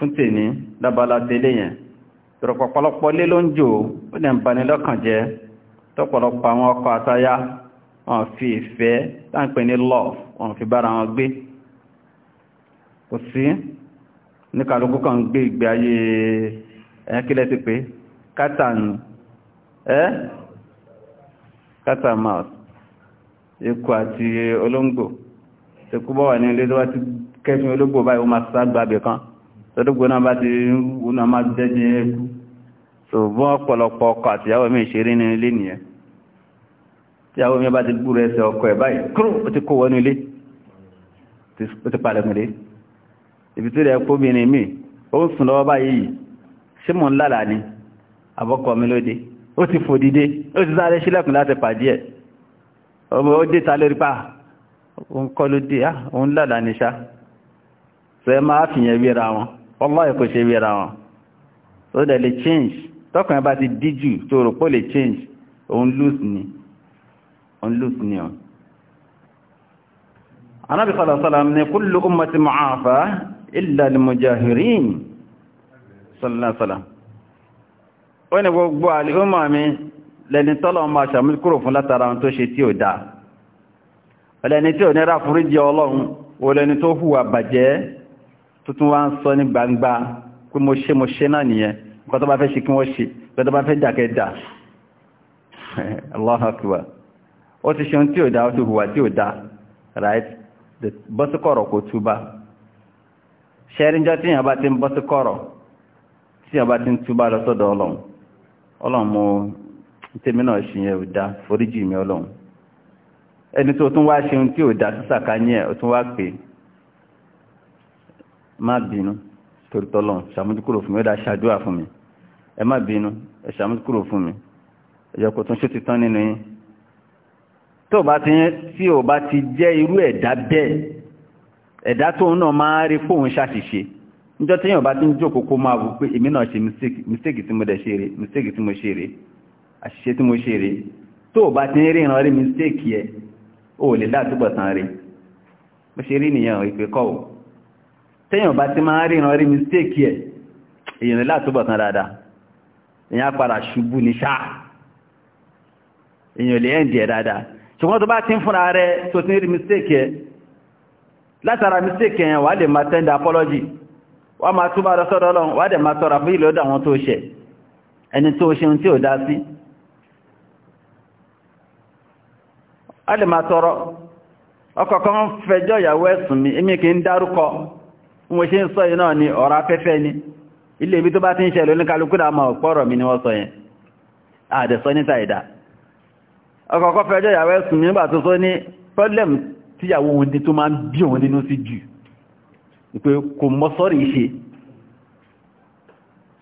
fún tèní lábala tẹ́lẹ̀ yẹn tọ̀rọ̀pọ̀pọ̀lọpọ̀ lé ló ń jò ó lè ń bani lọ́kàn jẹ́ tọ́pọ̀lọpọ̀ àwọn ọkọ àtayá wọn fi ìfẹ́ táǹpẹ̀ ní love wọn fi bára wọn gbé kò sí ní kálukú kan gbé ìgbé ayé ẹ̀yẹn kílẹ̀ sí pé kátàánù ẹ́ catamount ikú àti olóńgbò tẹkú bọ́wà ní ilé tó wá ti kẹ́fìn olóńgbò báyìí ó máa sá gbàgbé kan torígbó náà bá ti wú náà máa jẹ́jẹ́ ẹkú tó bọ́ ọ̀pọ̀lọpọ̀ ọkọ àtìyàwó mi ṣeré nínú ilé nìyẹn tíyàwó mi bá ti gbúrò ẹsẹ̀ ọkọ ẹ̀ báyìí kó wọnú ilé ó ti palẹ̀mùlé rẹ̀ kó obìnrin mi ó ń sùn lọ́wọ́ báyìí ṣé mò ń lálà ni àbọ́kọ mi lóde ó ti fò dìde ó ti sáré sílẹ̀kùn láti pàdé ẹ̀ ọmọ ó dé ta lórí ah, ẹ máa fìyẹn wíra wọn wallahi kò ṣe wíra wọn ó dẹ̀ lè change tọ́kàn ẹ bá ti díjù tó rò pó lè change òun lose ni òun lose ni ọ̀n anábì sallallahu ní kullu ummati mu'afa illa al-mujahirin sallallahu alaihi wasallam ó ní gbogbo àlìhùmọ̀ mi lẹni tọ́lọ̀ máa ṣàmúlì kúrò fún látara ohun tó ṣe tí ò dáa ọlẹni tí ò ní ráfúrí jẹ ọlọ́run olẹni tó hùwà bàjẹ́ tuntun wá ń sọ ní gbangba pé mo ṣe mo ṣe náà nìyẹn nǹkan tó bá fẹ́ ṣe kí wọ́n ṣe nǹkan tó bá fẹ́ dàkẹ́ dà Allahu ó ti ṣeun tí ò dá ó ti hùwà tí ò dá right bọ́síkọ̀rọ̀ kò túbá ṣẹ́ríjọ́ tí èèyàn bá ti ń bọ́síkọ̀rọ̀ tí èèyàn bá ti ń túbá lọ sọ́dọ̀ ọlọ́run ọlọ́run mo tèmi náà ṣe yẹn ò dá foríjì má bínú torí tọ́lọ̀ ṣàmójúkúrò fún mi ó dá ṣàdúrà fún mi ẹ má bínú ẹ ṣàmójúkúrò fún mi ẹ̀yọ́ kò tún ṣó ti tán nínú yín tó bá ti tí ò bá ti jẹ́ irú ẹ̀dá bẹ́ẹ̀ ẹ̀dá tóun náà máa rí fóun ṣàṣìṣe níjọ́ tí yàn bá ti ń jókòó kó máa wù pé èmi náà ṣe mistake tí mo dẹ̀ ṣe rè mistake tí mo ṣe rè àṣìṣe tí mo ṣe rè tó bá ti rí ìran rí mistake yẹ o lè dá àtúbọ̀tán rè mo ṣe rí nìyẹn ìpè kọ́ o téèyàn bá ti máa ríran rí mistake ẹ̀ èyàn látúbọ̀tán dáadáa èyàn padà ṣubú ní ṣáà èyàn lè ẹ́ǹdì ẹ̀ dáadáa ṣùgbọ́n tó bá ti ń fúnra rẹ̀ tó ti rí ẹ̀ látara wà lè máa tẹ́ndà apology wà máa túbà lọ wà máa tọrọ fún ìlú àwọn tó ẹni tó tí ò dá sí wà lè máa tọrọ ọkọ̀ kan mo ṣe ń sọ yìí ni ọ̀rọ̀ afẹ́fẹ́ ni ilé ibi tó bá ti ń ṣẹlẹ̀ oníkálukúdà ma ọ̀pọ̀rọ̀ mi ni wọ́n sọ yẹn àdẹ̀sọ níta ìdá ọkọ̀ọ̀kọ́ fẹjọ́ ìyàwó ẹ̀sùn nígbà tó sọ ní problem tíyàwó òun tó máa ń bí òun nínú sí jù pé kò mọ sọ́rì ṣe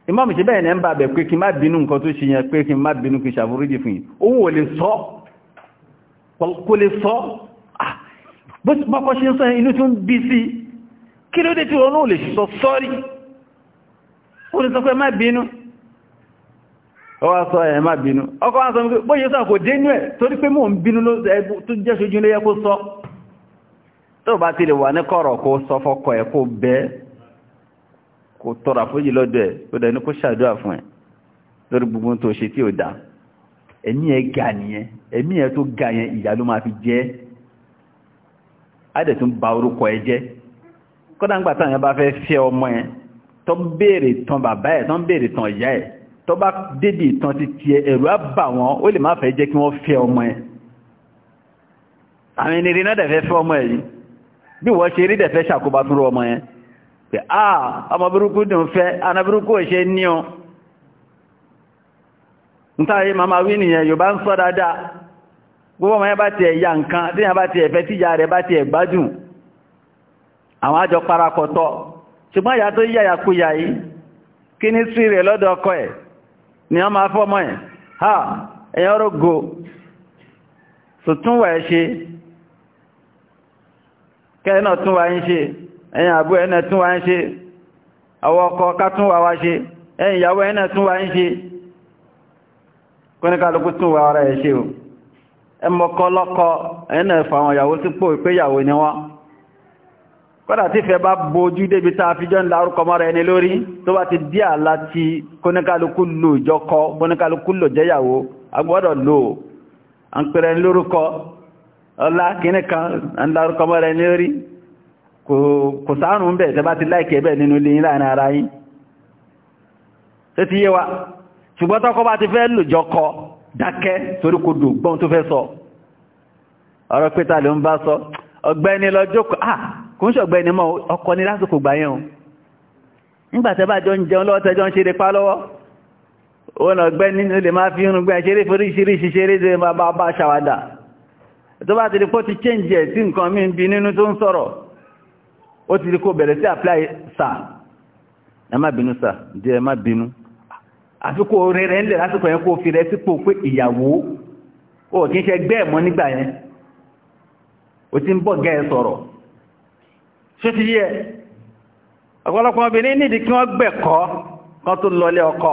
imam ṣe bẹ́ẹ̀ ní ń bàbẹ̀ pé kí má bínú nǹkan tó ṣe yẹn pé kí má bínú kí ṣàforíjì fún sọ ah! inú tó bí sí kí ló dé tí wọn náà lè sọ sọ́rí ó lè sọ pé má bínú ọwá sọ ẹ̀ má bínú ọkọ̀ wọn sọ pé bóyẹ sọ kò dénú ẹ̀ torí pé mò ń bínú tó jẹ́ ṣojú lé yẹ kó sọ tó bá ti lè wà ní kọ̀rọ̀ kó sọ fọ́kọ̀ ẹ̀ kó bẹ́ kó tọrọ àfójì lọ́dọ̀ ẹ̀ kó dẹ̀ ní kó ṣàdúrà fún ẹ̀ lórí gbogbo tó ṣe tí ò dá ẹ̀mí ẹ̀ ga nìyẹn ẹ̀mí ẹ̀ tó ga yẹn ìyá ló máa fi jẹ́ á dẹ̀ tún ba orúkọ ẹ jẹ́ kódà ń gbà táwọn yẹn bá fẹ́ fẹ́ ọmọ ẹ tó ń béèrè tán bàbá ẹ tó ń béèrè tán ìyá ẹ tó bá débi ìtàn ti tiẹ̀ ẹ̀rù á bà ó lè má fẹ́ jẹ́ kí wọ́n fẹ́ ọmọ ẹ àwọn ènìyàn náà dẹ̀fẹ́ fẹ́ ọmọ ẹ yìí bí wọ́n ṣe rí dẹ̀fẹ́ ṣàkóbá fún ọmọ yẹn pé a ọmọ burúkú dùn fẹ́ anaburúkú ò ṣe ní ọ ntáyé màmá wí nìyẹn Yorùbá ń sọ dáadáa gbogbo ọmọ yẹn bá tiẹ̀ ya nǹkan tí bá tiẹ̀ fẹ́ tíya rẹ̀ bá tiẹ̀ gbádùn àwọn àjọ parakọ̀tọ̀ ṣùgbọ́n ìyá tó yíyà yàkúyà yìí kí ní sí rẹ̀ lọ́dọ̀ ọkọ ẹ̀ ni wọ́n máa ẹ̀ ha ẹ̀yàn rógo tùtúnwà ẹ̀ ṣe kẹ́ẹ̀nà túnwà ń ṣe ẹ̀yìn àbú ẹ̀nà túnwà ń ṣe àwọ ọkọ kátúnwà wá ṣe ẹ̀yìn ìyàwó ẹ̀nà túnwà ń ṣe kọ́níkàlùkù túnwà ara ẹ̀ ṣe ẹmọkọ lọ́kọ ẹ̀nà ẹ̀fà kọ́dà tí fẹ́ bá bojú débi tá a fi jọ ń larúkọ mọ́ra ẹni lórí tó bá ti dí àlá ti kóníkálukú lò ìjọkọ kóníkálukú lò jẹ́yàwó agbọ́dọ̀ lò à ń pèrè ní lórúkọ ọlá kìíní kan ń larúkọ mọ́ra ẹni lórí kò sáàrùn bẹ̀ tẹ́ bá ti láìkẹ́ bẹ̀ nínú ilé láàrin ara yín tó ti yé wa ṣùgbọ́n tọ́kọ bá ti fẹ́ lò jọkọ dákẹ́ torí kò dùn gbọ́n tó fẹ́ sọ ọ̀rọ̀ pétalè ń bá sọ ọ̀gbẹ́ni lọ jókòó ah! kò ń ṣọ̀gbẹ́ ni mọ́ ọkọ ní lásìkò gbà yẹn o nígbàtẹ́ bá jọ ń jẹun lọ́wọ́ tẹ́jọ ń ṣeré pa lọ́wọ́ òun ọ̀gbẹ́ nínú lè máa fi irun gbẹ́ ṣeré foríṣiríṣi ṣeré ṣe bá bá ṣàwádà tó bá ti rí ti change ẹ̀ nǹkan mí bí nínú tó ń sọ̀rọ̀ ó ti rí kó bẹ̀rẹ̀ sí apply sir ẹ má bínú sir jẹ́ ẹ má bínú àfikò orin rẹ̀ ńlẹ̀ lásìkò yẹn kó fi rẹ̀ sípò pé ìyàwó ṣe ti yẹ ọ̀pọ̀lọpọ̀ obìnrin nídìí kí wọ́n gbẹ̀kọ́ kan tó lọlé ọkọ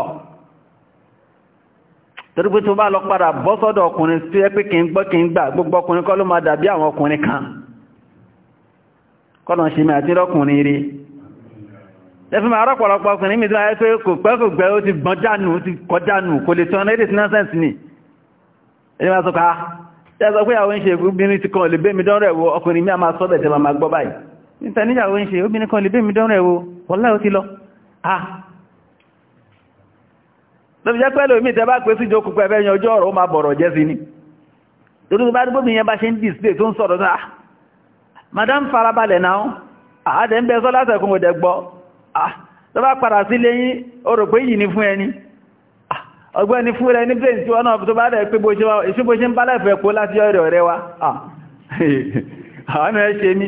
torí pé tó bá lọ padà bọ́ sọ́dọ̀ ọkùnrin tó yẹ pé kí ń gbọ́ kí ń gbà gbogbo ọkùnrin kọ́ ló máa dàbí àwọn ọkùnrin kan kọ́nà ṣe mẹ́ àti rọ́kùnrin rí ẹfí ma rọ́pọ̀lọpọ̀ ọkùnrin mi tó ayé pé kò pẹ́ ni ẹni máa sọ pé àwọn ìṣègùn bínú ti kan lè bẹ́ mi dánrẹ̀ níta níyàwó ń ṣe obìnrin kan lè bí mi dánrẹ̀ wo wọ́lá ó ti lọ lọ́bí jẹ́ pẹ́lú omi ìtẹ́bá pé síjọ kúkú ẹ̀fẹ́ yan ọjọ́ ọ̀rọ̀ ó máa bọ̀rọ̀ jẹ́ sí ni torí madam farabalẹ̀ náà àádẹ́ ń bẹ sọ látẹ̀kùn òdẹ̀ gbọ́ tó bá padà sí lẹ́yìn ó rò ni fún ẹni ọgbẹ́ni fún ẹni brain tí wọ́n náà tó bá rẹ̀ àwọn ẹ̀ ni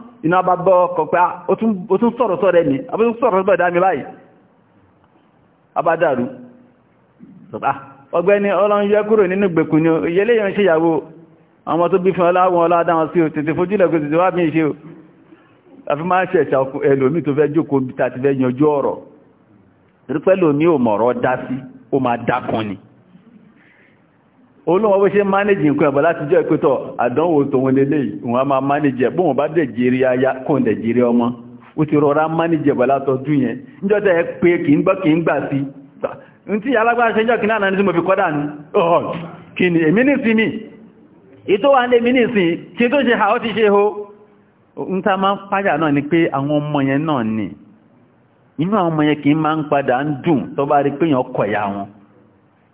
iná bá bọ́ ọkọ̀ pé ah, ó tún sọ̀rọ̀ sọ́rọ̀ ẹni ó tún sọ̀rọ̀ sọ́rọ̀ dámi báyìí abádàrú ah, ọgbẹ́ni ọlọ́run yẹ kúrò nínú gbèkùn ni ìyẹlé yẹn ṣe ìyàwó àwọn tó bí fún ọláwọn ọládáwọn sí tètè fojúlẹ̀kù tètè wá bí ṣe àfi máa ṣẹ̀ṣà ẹlòmí tó fẹ́ jókòó bí olóòwò bó ṣe mánéjì nǹkan ẹ̀bọ̀ láti jẹ́ ìpẹ́tọ̀ àdánwò tòun lélé wọn a máa mánéjì ẹ̀bọ̀ wọn bá dẹ̀jẹ̀rí aya kún dẹ̀jẹ̀rí ọmọ ó ti rọra mánéjì ẹ̀bọ̀ látọ̀dún yẹn níjọ́tẹ̀ ẹ pé kì ń gbọ́ kì ń gbà sí n tí alágbára ṣe ń kí náà ní tí mo fi kọ́dà ní kí ni èmi wa mi ha ó ti ṣe ho n ta máa ni pé àwọn ọmọ yẹn náà ni inú àwọn ọmọ yẹn kì í máa ń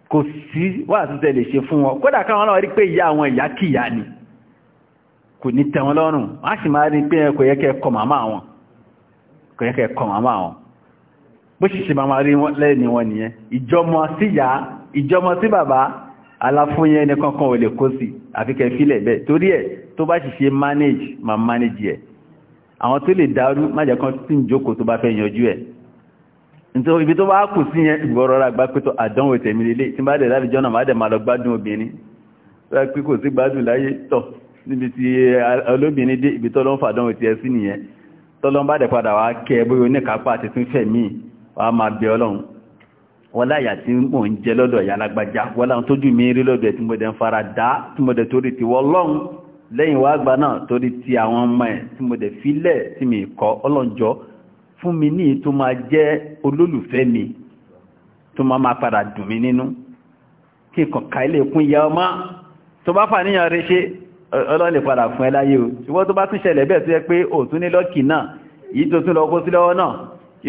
kò sí wà tún tẹ́lẹ̀ ṣe fún wọn kódà káwọn náà rí pé ìyá àwọn ìyá kìyà ni kò ní tẹ́wọn lọ́rùn wọ́n sì máa rí pé kò yẹ kẹ́ kọ màmá wọn kò yẹ kẹ́ kọ màmá wọn bó ṣe ṣe máa rí lẹ́ni wọn nìyẹn ìjọmọ sí ìyá ìjọmọ sí bàbá aláfúnyẹ ní kankan ò kó sí àfi fílẹ̀ bẹ́ẹ̀ torí ẹ̀ tó bá sì manage ma manage ẹ̀ àwọn tó lè dárú májẹ̀kan sí ìjókòó tó bá fẹ́ yanjú ẹ̀ nítorí ibi tó bá kù sí yẹn ìgbọ̀rọ̀ ra gbá pẹ́tọ́ àdánwò tẹ̀mí lélé tí bá dẹ̀ láti jọ́nà má dẹ̀ máa lọ gbádùn obìnrin rẹ̀ pé kò sí gbádùn láyé tọ̀ níbi tí olóbìnrin dé ibi tọ́lọ́ ń fàdánwò tiẹ̀ sí nìyẹn tọ́lọ́ bá dẹ̀ padà wá kẹ́ bóyá oníkápá àti tún fẹ̀ míì wà á máa bẹ ọlọ́run wọ́n láyà tí mò ń jẹ lọ́dọ̀ ìyá alágbájá wọ́n láwọn tójú fún mi ní tó máa jẹ́ olólùfẹ́ mi tó máa máa padà dùn mí nínú kí n kọ̀ọ̀ká ilé kún ìyá ọmọ tó bá fà níyàn rẹ ṣe ọlọ́lẹ̀ padà fún ẹ láyé o ṣùgbọ́n tó bá tún ṣẹlẹ̀ bẹ́ẹ̀ tó yẹ pé òtún ní lọ́kì náà yìí tó tún lọ sí lọ́wọ́ náà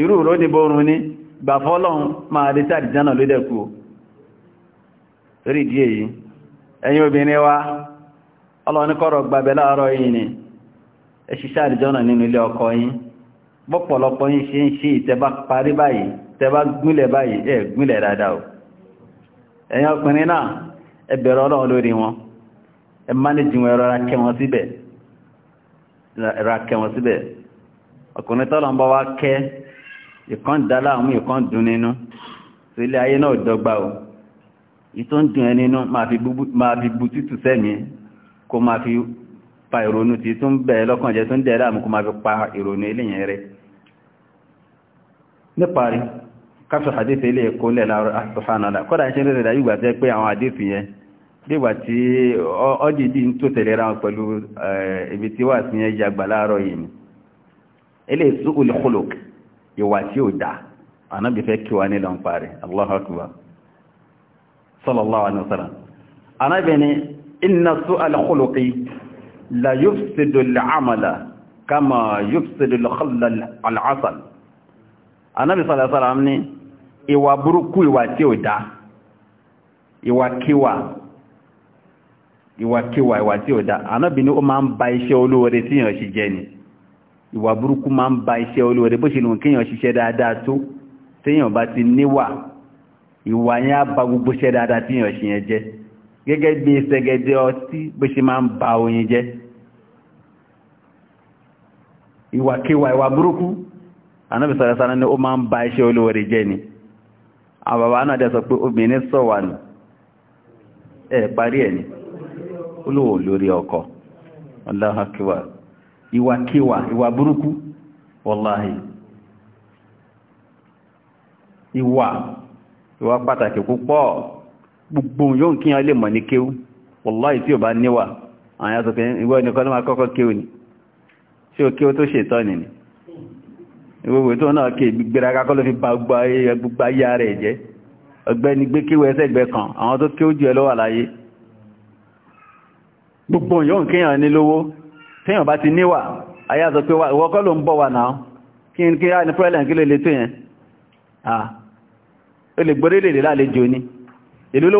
irú ìró ní borun ní gbà fọ́lọ́run máa lè sáàdì jánà ló dẹ̀kú o torí ìdí èyí ẹ̀yin obìnrin wa ọlọ́nikọ́rọ̀ gbàbẹ̀ láàárọ̀ yìí ni ẹ ṣiṣẹ́ àdìjọ́nà nínú ilé ọkọ yín bọ́pọ̀lọpọ̀ yí ṣe ń ṣe ìtẹba parí báyìí tẹba gúnlẹ̀ báyìí ẹ gúnlẹ̀ dáadáa o ẹ̀yin ọkùnrin náà ẹ bẹ̀rẹ̀ ọlọ́run lórí wọn ẹ mánéjì wọn ẹ̀rọ rakẹwọn síbẹ̀ ọkùnrin tọ́lọ̀ ń bọ́ wá kẹ́ ìkan dálá àwọn ìkan dùn nínú sí ilé ayé náà dọ́gba o ìtò ń dùn fi pa ìrònú tí tó ń lọ́kànjẹ́ tó ń dẹ̀ẹ́ kó máa fi pa ìrònú eléyìn rẹ̀ níparí káfí hadith ilé ẹ̀kọ́ lẹ̀ ah, subhanallah kọ́dá iṣẹ́ rẹ̀ rẹ̀ yígbà tẹ́ pé àwọn hadith yẹn dígbà tí ọdídí tó tẹ̀lé ra wọn pẹ̀lú ibi tí wà sí yẹn yàgbà láàárọ̀ yìí ni ilé su'ul khuluq ìwà tí ó dá anábì fẹ́ kí wa nílọ ń parí Allahu kama yufsidu al-asal anábì sàlẹ̀sára ní ìwà burúkú ìwà tí ò dá ìwàkíwà ìwàkíwà ìwà tí ò dá anábì ní ó máa ń ba iṣẹ́ olóore tí yàn ṣiṣẹ́ ni ìwà burúkú máa ń ba iṣẹ́ olóore bó ṣe lù kí yàn ṣiṣẹ́ dáadáa tó téèyàn bá ti níwà ìwà yẹn á ba gbogbo iṣẹ́ dáadáa tí yàn ṣe jẹ́ gẹ́gẹ́ bí sẹ́gẹ́dẹ́ ọtí bó ṣe máa ń ba oyin jẹ́ ìwàkíwà ìwà burúkú anábì sọ̀rọ̀ sára o ma n ba iṣẹ́ olóore jẹ́ ni àwọn anọdụ náà dẹ̀ obi pé obìnrin sọ̀wà nù ẹ̀ parí ẹ̀ ni olówó lórí ọkọ Allahu ìwàkíwà ìwà burúkú wọláhì ìwà ìwà pàtàkì púpọ̀ gbogbo yóò kí yàn lè mọ̀ ní wọláhì tí ò bá níwà ìwòwò tó náà kí gbẹ̀rẹ̀gá kọ́ ló fi bá gbogbo ayé rẹ̀ jẹ́ ọgbẹ́ni gbé kíwẹ́ ẹsẹ́gbẹ́ kan àwọn tó kí ó jù ẹ lọ́wọ́ àlàyé gbogbo yóò kíyàn ní lówó tíyàn bá ti níwà ayázọ pé ìwọ́kọ́ ló ń bọ̀ wà náà kí n kí á ní pẹ́lẹ̀ kí lè lè tó yẹn àà ó lè gbórí lè lálejò ní ìlú ló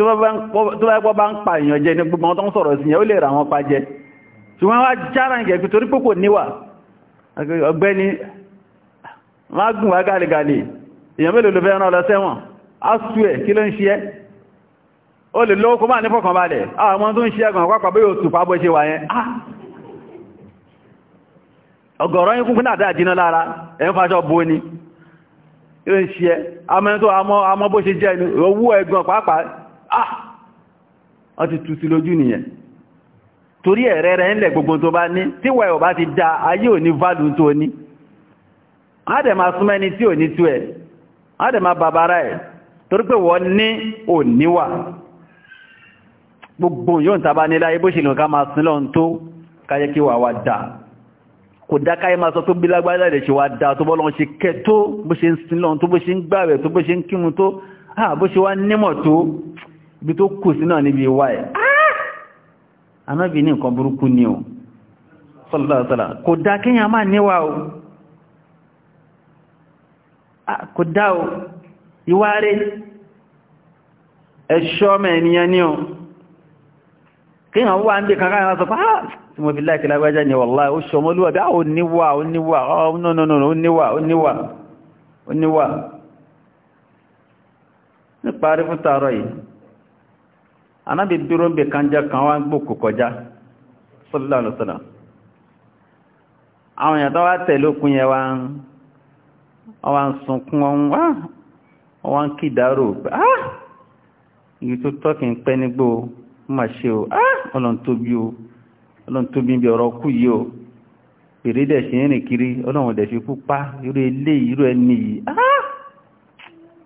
tó bá gbọ́ bá ń pa èèyàn jẹ ní gbogbo àwọn tó ń sọ̀rọ̀ sí yẹn ó lè ra wọn pa jẹ ṣùgbọ́n wá jára ń gẹ̀ẹ́kù torí pòpò níwà ọgbẹ́ni má gùn wá gàlìgàlì èèyàn mélòó ló fẹ́ rán lọ sẹ́wọ̀n á sú ẹ̀ kí ló ń ṣe ẹ́ ó lè lọ́wọ́ kó máa nífọ̀kàn balẹ̀ àwọn ọmọ tó ń ṣe ah ọ ti tú sí lójú nìyẹn torí ẹ̀rẹ́ rẹ̀ ńlẹ̀ gbogbo tó bá ní tí wẹ̀ ọ̀bá ti da ayé ò ní válù tó ní ádẹ̀ máa súnmọ́ ẹni tí ò ní tú ẹ̀ ádẹ̀ máa bàbára ẹ̀ torí pé wọ́n ní ò níwà gbogbo yóò ń tàbá nílá ibó ṣe lọ́nà ká máa sín lọ́n tó káyé kí wà wá dáa kò dákáyé máa sọ tó bí lè ṣe wá dáa tó bọ́lọ́n ṣe kẹ tó bó ṣe ń sín lọ́n tó bó ṣe ń gbààwẹ̀ tó bó ṣe ń kírun tó ah, bó ṣe wá nímọ̀ tó bí tó kù sí náà níbi ìwà ẹ̀ anábì ah! ní nǹkan burúkú ní o sọ́lọ́sọ́lá kò dá kíyàn máa níwà o ah, kò dá o ìwà rẹ̀ ẹ̀ṣọ́ mẹ́ẹ̀niyàn ní o kíyàn wà ń bí kankan àwọn sọpá ah! tí mo fi láìkì lágbájá ni wọ́lá ó ṣọmọlúwà bí ó níwà ó níwà ó níwà nípa rí fún tààrọ yìí anábi dúró ń bè kánjẹ́ kan wá ń gbòkò kọjá sallallahu alaihi wasallam àwọn èèyàn tó wá tẹ̀lé òkun yẹn wá ń sunkún ọ̀hún wá ń ah! kí ìdárò ìyí tó tọ́kì ń pẹ́ nígbò má ṣe o ah! ọlọ́n tóbi bí ọ̀rọ̀ kú yìí o pèrè dẹ̀ ṣe rìn kiri ọlọ́run dẹ̀ fi kú pa irú ilé irú ẹni yìí ah!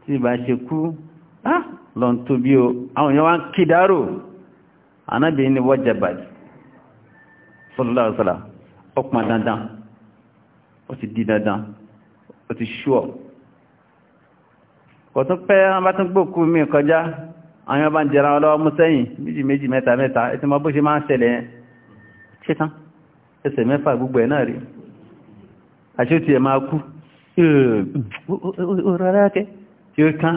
tí ìbá lọ ń tó bí o àwọn èèyàn wá ń kí dárò anábìyí ni wọ́n jẹba sallallahu alaihi wasallam ó pọn dandan ó ti di dandan ó ti ṣúọ̀ kò tún pẹ́ wọ́n bá tún gbòkú mi kọjá àwọn ọba ń jẹra wọn lọ́wọ́ mú sẹ́yìn méjì méjì mẹ́ta mẹ́ta ẹ̀tí mọ́ bó ṣe máa ń ṣẹlẹ̀ ṣetán ẹsẹ̀ mẹ́fà gbogbo ẹ̀ náà rí àṣíòtì ẹ̀ máa kú rárá kẹ́ tí ó kán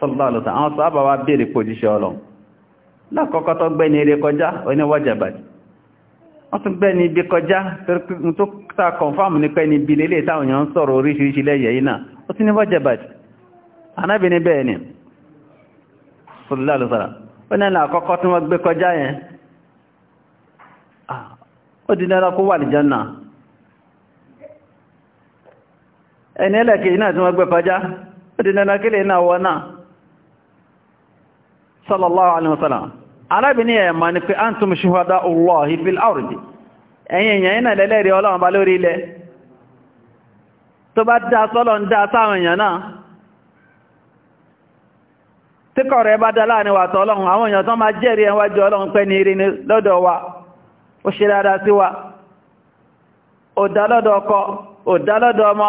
sọ́lọ́lọ́ta àwọn sábà wá bèèrè pòjíṣẹ́ ọlọ́ lákọ́kọ́ tó gbẹ́ni eré kọjá oníwọ́jẹ̀bàjì wọ́n tún gbẹ́ni ibi kọjá tó ta kọ̀nfàmù ní pẹ́ni ibi lélẹ̀ táwọn èèyàn ń sọ̀rọ̀ oríṣiríṣi lẹ́yẹ̀ yìí náà ó tún níwọ́jẹ̀bàjì anábìnrin bẹ́ẹ̀ ni sọ́lọ́lọ́ta ó ní àkọ́kọ́ tí wọ́n gbé kọjá yẹn ah, ó di náírà kó wà ní jẹ́nà ẹni ẹlẹ́kẹ̀ẹ́ náà tí wọ́n gbé kọjá ó di náírà náà wọ́n náà sallallahu alaihi wasallam arábìnrin ẹ̀ ma ni pé antum shuhada allahi fil ardi ẹ̀yin èèyàn iná lẹ́lẹ́rìí ọlọ́run bá lórí ilẹ̀ tó bá dá sọ́lọ̀ ń dá sáwọn èèyàn náà tíkọ̀ rẹ̀ bá dá láàrin wà tọ́lọ́run àwọn èèyàn tó máa jẹ́rí ẹwájú ọlọ́run pẹ́ ní irin lọ́dọ̀ wa ó ṣe dáadáa sí wa ò dá lọ́dọ̀ ọkọ ò dá lọ́dọ̀ ọmọ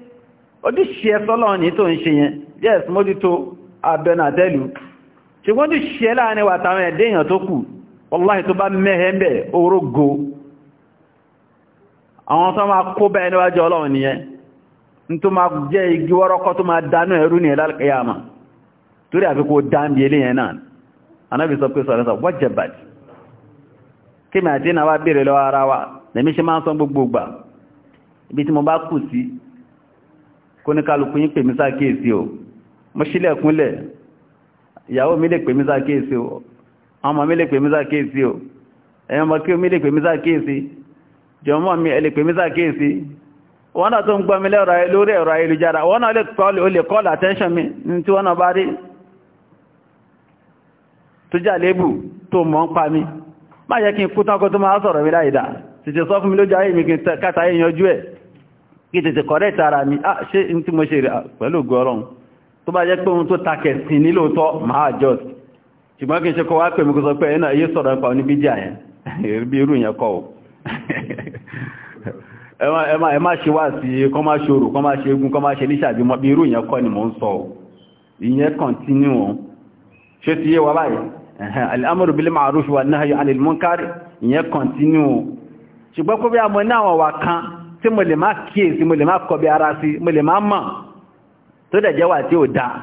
ojúṣe ẹ̀sọ́lọ́ ní tó ń ṣe yẹn yes mójútó láàrin wà ẹ̀dẹ́ èèyàn tó kù wọ́láhì tó bá mẹ́hẹ́mẹ́ orógo àwọn tó máa kó bẹ́ẹ̀ níwájú ọlọ́run nìyẹn tó tó kí àti bèèrè ara wa ṣe máa ń sọ gbogbo ibi tí mo bá kù sí kó ní kálukú yín pè mí sákèèsí o mo sílẹ̀ kúnlẹ̀ ìyàwó mi lè pè mí sákèèsí o ọmọ mi lè pè mí sákèèsí o ẹ̀yàn ọmọ kí mi lè pè mí sákèèsí jọmọ́ mi ẹ̀ lè pè mí sákèèsí wọ́n náà tó ń gbọ́ mi lórí ẹ̀rọ ayélujára wọ́n náà lè call attention mi ní tí wọ́n náà bá rí tó jà lébù tó mọ́ ń pa mi má yẹ kí n kú tán kó tó máa sọ̀rọ̀ mi láìdá tìtì sọ fún mi lójú ayé mi kí n kátà yẹn yanjú ẹ̀ kí kọ̀rẹ́ ìtara mi ah ṣe n tí mo ṣe rí ah, pẹ̀lú ògùn ọlọ́run tó bá jẹ́ pé ohun tó takẹ̀ sí nílò tọ́ máa jọ ṣùgbọ́n kí n ṣe kọ́ wá pè mú kó sọ pé ẹ̀yìn náà yé sọ̀rọ̀ nípa oníbíjà yẹn ni mò ń sọ o ìyẹn kọ̀ntínú o ṣé ti wa báyìí al-amru bil ma'ruf wan nahyu 'anil munkar ìyẹn ṣùgbọ́n kó bí a mọ̀ ní àwọn wà kan tí mo lè máa kíyèsí mo lè máa kọbi ara sí mo lè máa mọ̀ tó dẹ̀ jẹ́wà tí ó dáa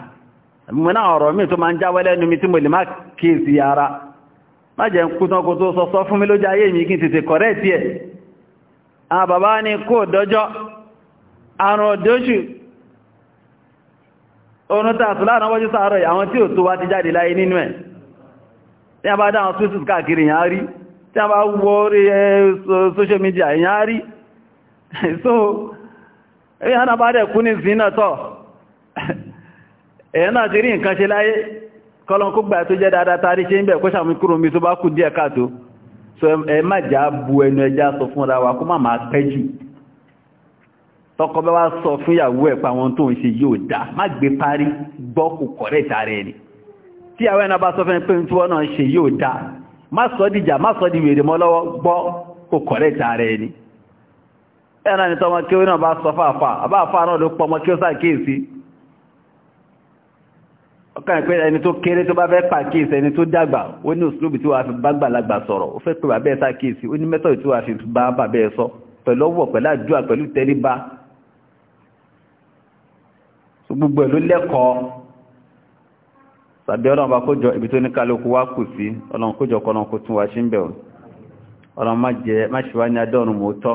mo náà ọ̀rọ̀ mi tó máa ń jáwọ́ lẹ́nu mi tí mo lè máa kíyèsí ara má jẹ́ ń kútán kó tó sọsọ fún mi lójú ayé mi kí n tètè kọ̀rẹ́ tí ẹ̀ àwọn bàbá ní kó dọ́jọ́ àrùn òdóṣù oorun tàà tó láàrín wọ́jú sáàrọ̀ àwọn tí ò tó wá ti jáde láyé nínú ẹ̀ tí a bá dáwọn social media ìyàn rí so ẹ̀yìn hana bá dẹ̀ kú ní zinatọ̀ ẹ̀yìn náà ti rí nǹkan ṣe láyé kọlọ̀n kó gbà tó jẹ́ dáadáa tàrí ṣe ń bẹ̀ kó sàmì mi tó bá kù díẹ̀ káàtó so ẹ má jà bu ẹnu ẹja sọ fún ra wa kó má máa pẹ́ jù tọkọ bá wá sọ fún ìyàwó ẹ̀ pa àwọn tó ń ṣe ẹ̀nà ni tọmọ kí o náà bá sọ fàáfà àbáfà náà ló pọmọ kí ó sáà kíyèsí ọkàn ìpé ẹni tó kéré tó bá fẹ́ pàkíyèsí ẹni tó dàgbà ó ní òsìlóbi tí wà fi bá gbàlagbà sọ̀rọ̀ ó fẹ́ pé bàbẹ́ sáà kíyèsí ó ní mẹ́tọ̀ tí wà fi bá bàbẹ́ sọ pẹ̀lú ọwọ́ pẹ̀lú àdúrà pẹ̀lú tẹríba gbogbo ẹ̀ ló lẹ́kọ̀ọ́ tàbí ọlọ́run bá kójọ ibi tó ní kálukú wá kù sí ọlọ́run kójọ kọ́nà kó tún wá sí ń bẹ̀rù ọlọ́run má ṣe wá ní adọ́run mọ́tọ́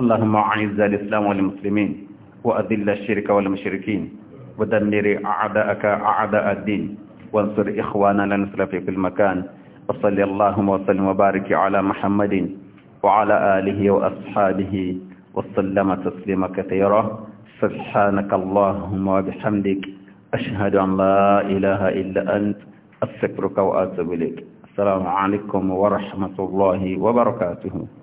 اللهم أعز الإسلام والمسلمين وأذل الشرك والمشركين ودمر أعداءك أعداء الدين وانصر إخواننا المسلمين في المكان وصلى اللهم وسلم وبارك على محمد وعلى آله وأصحابه وسلم تسليما كثيرا سبحانك اللهم وبحمدك أشهد أن لا إله إلا أنت أستغفرك وأتوب إليك السلام عليكم ورحمة الله وبركاته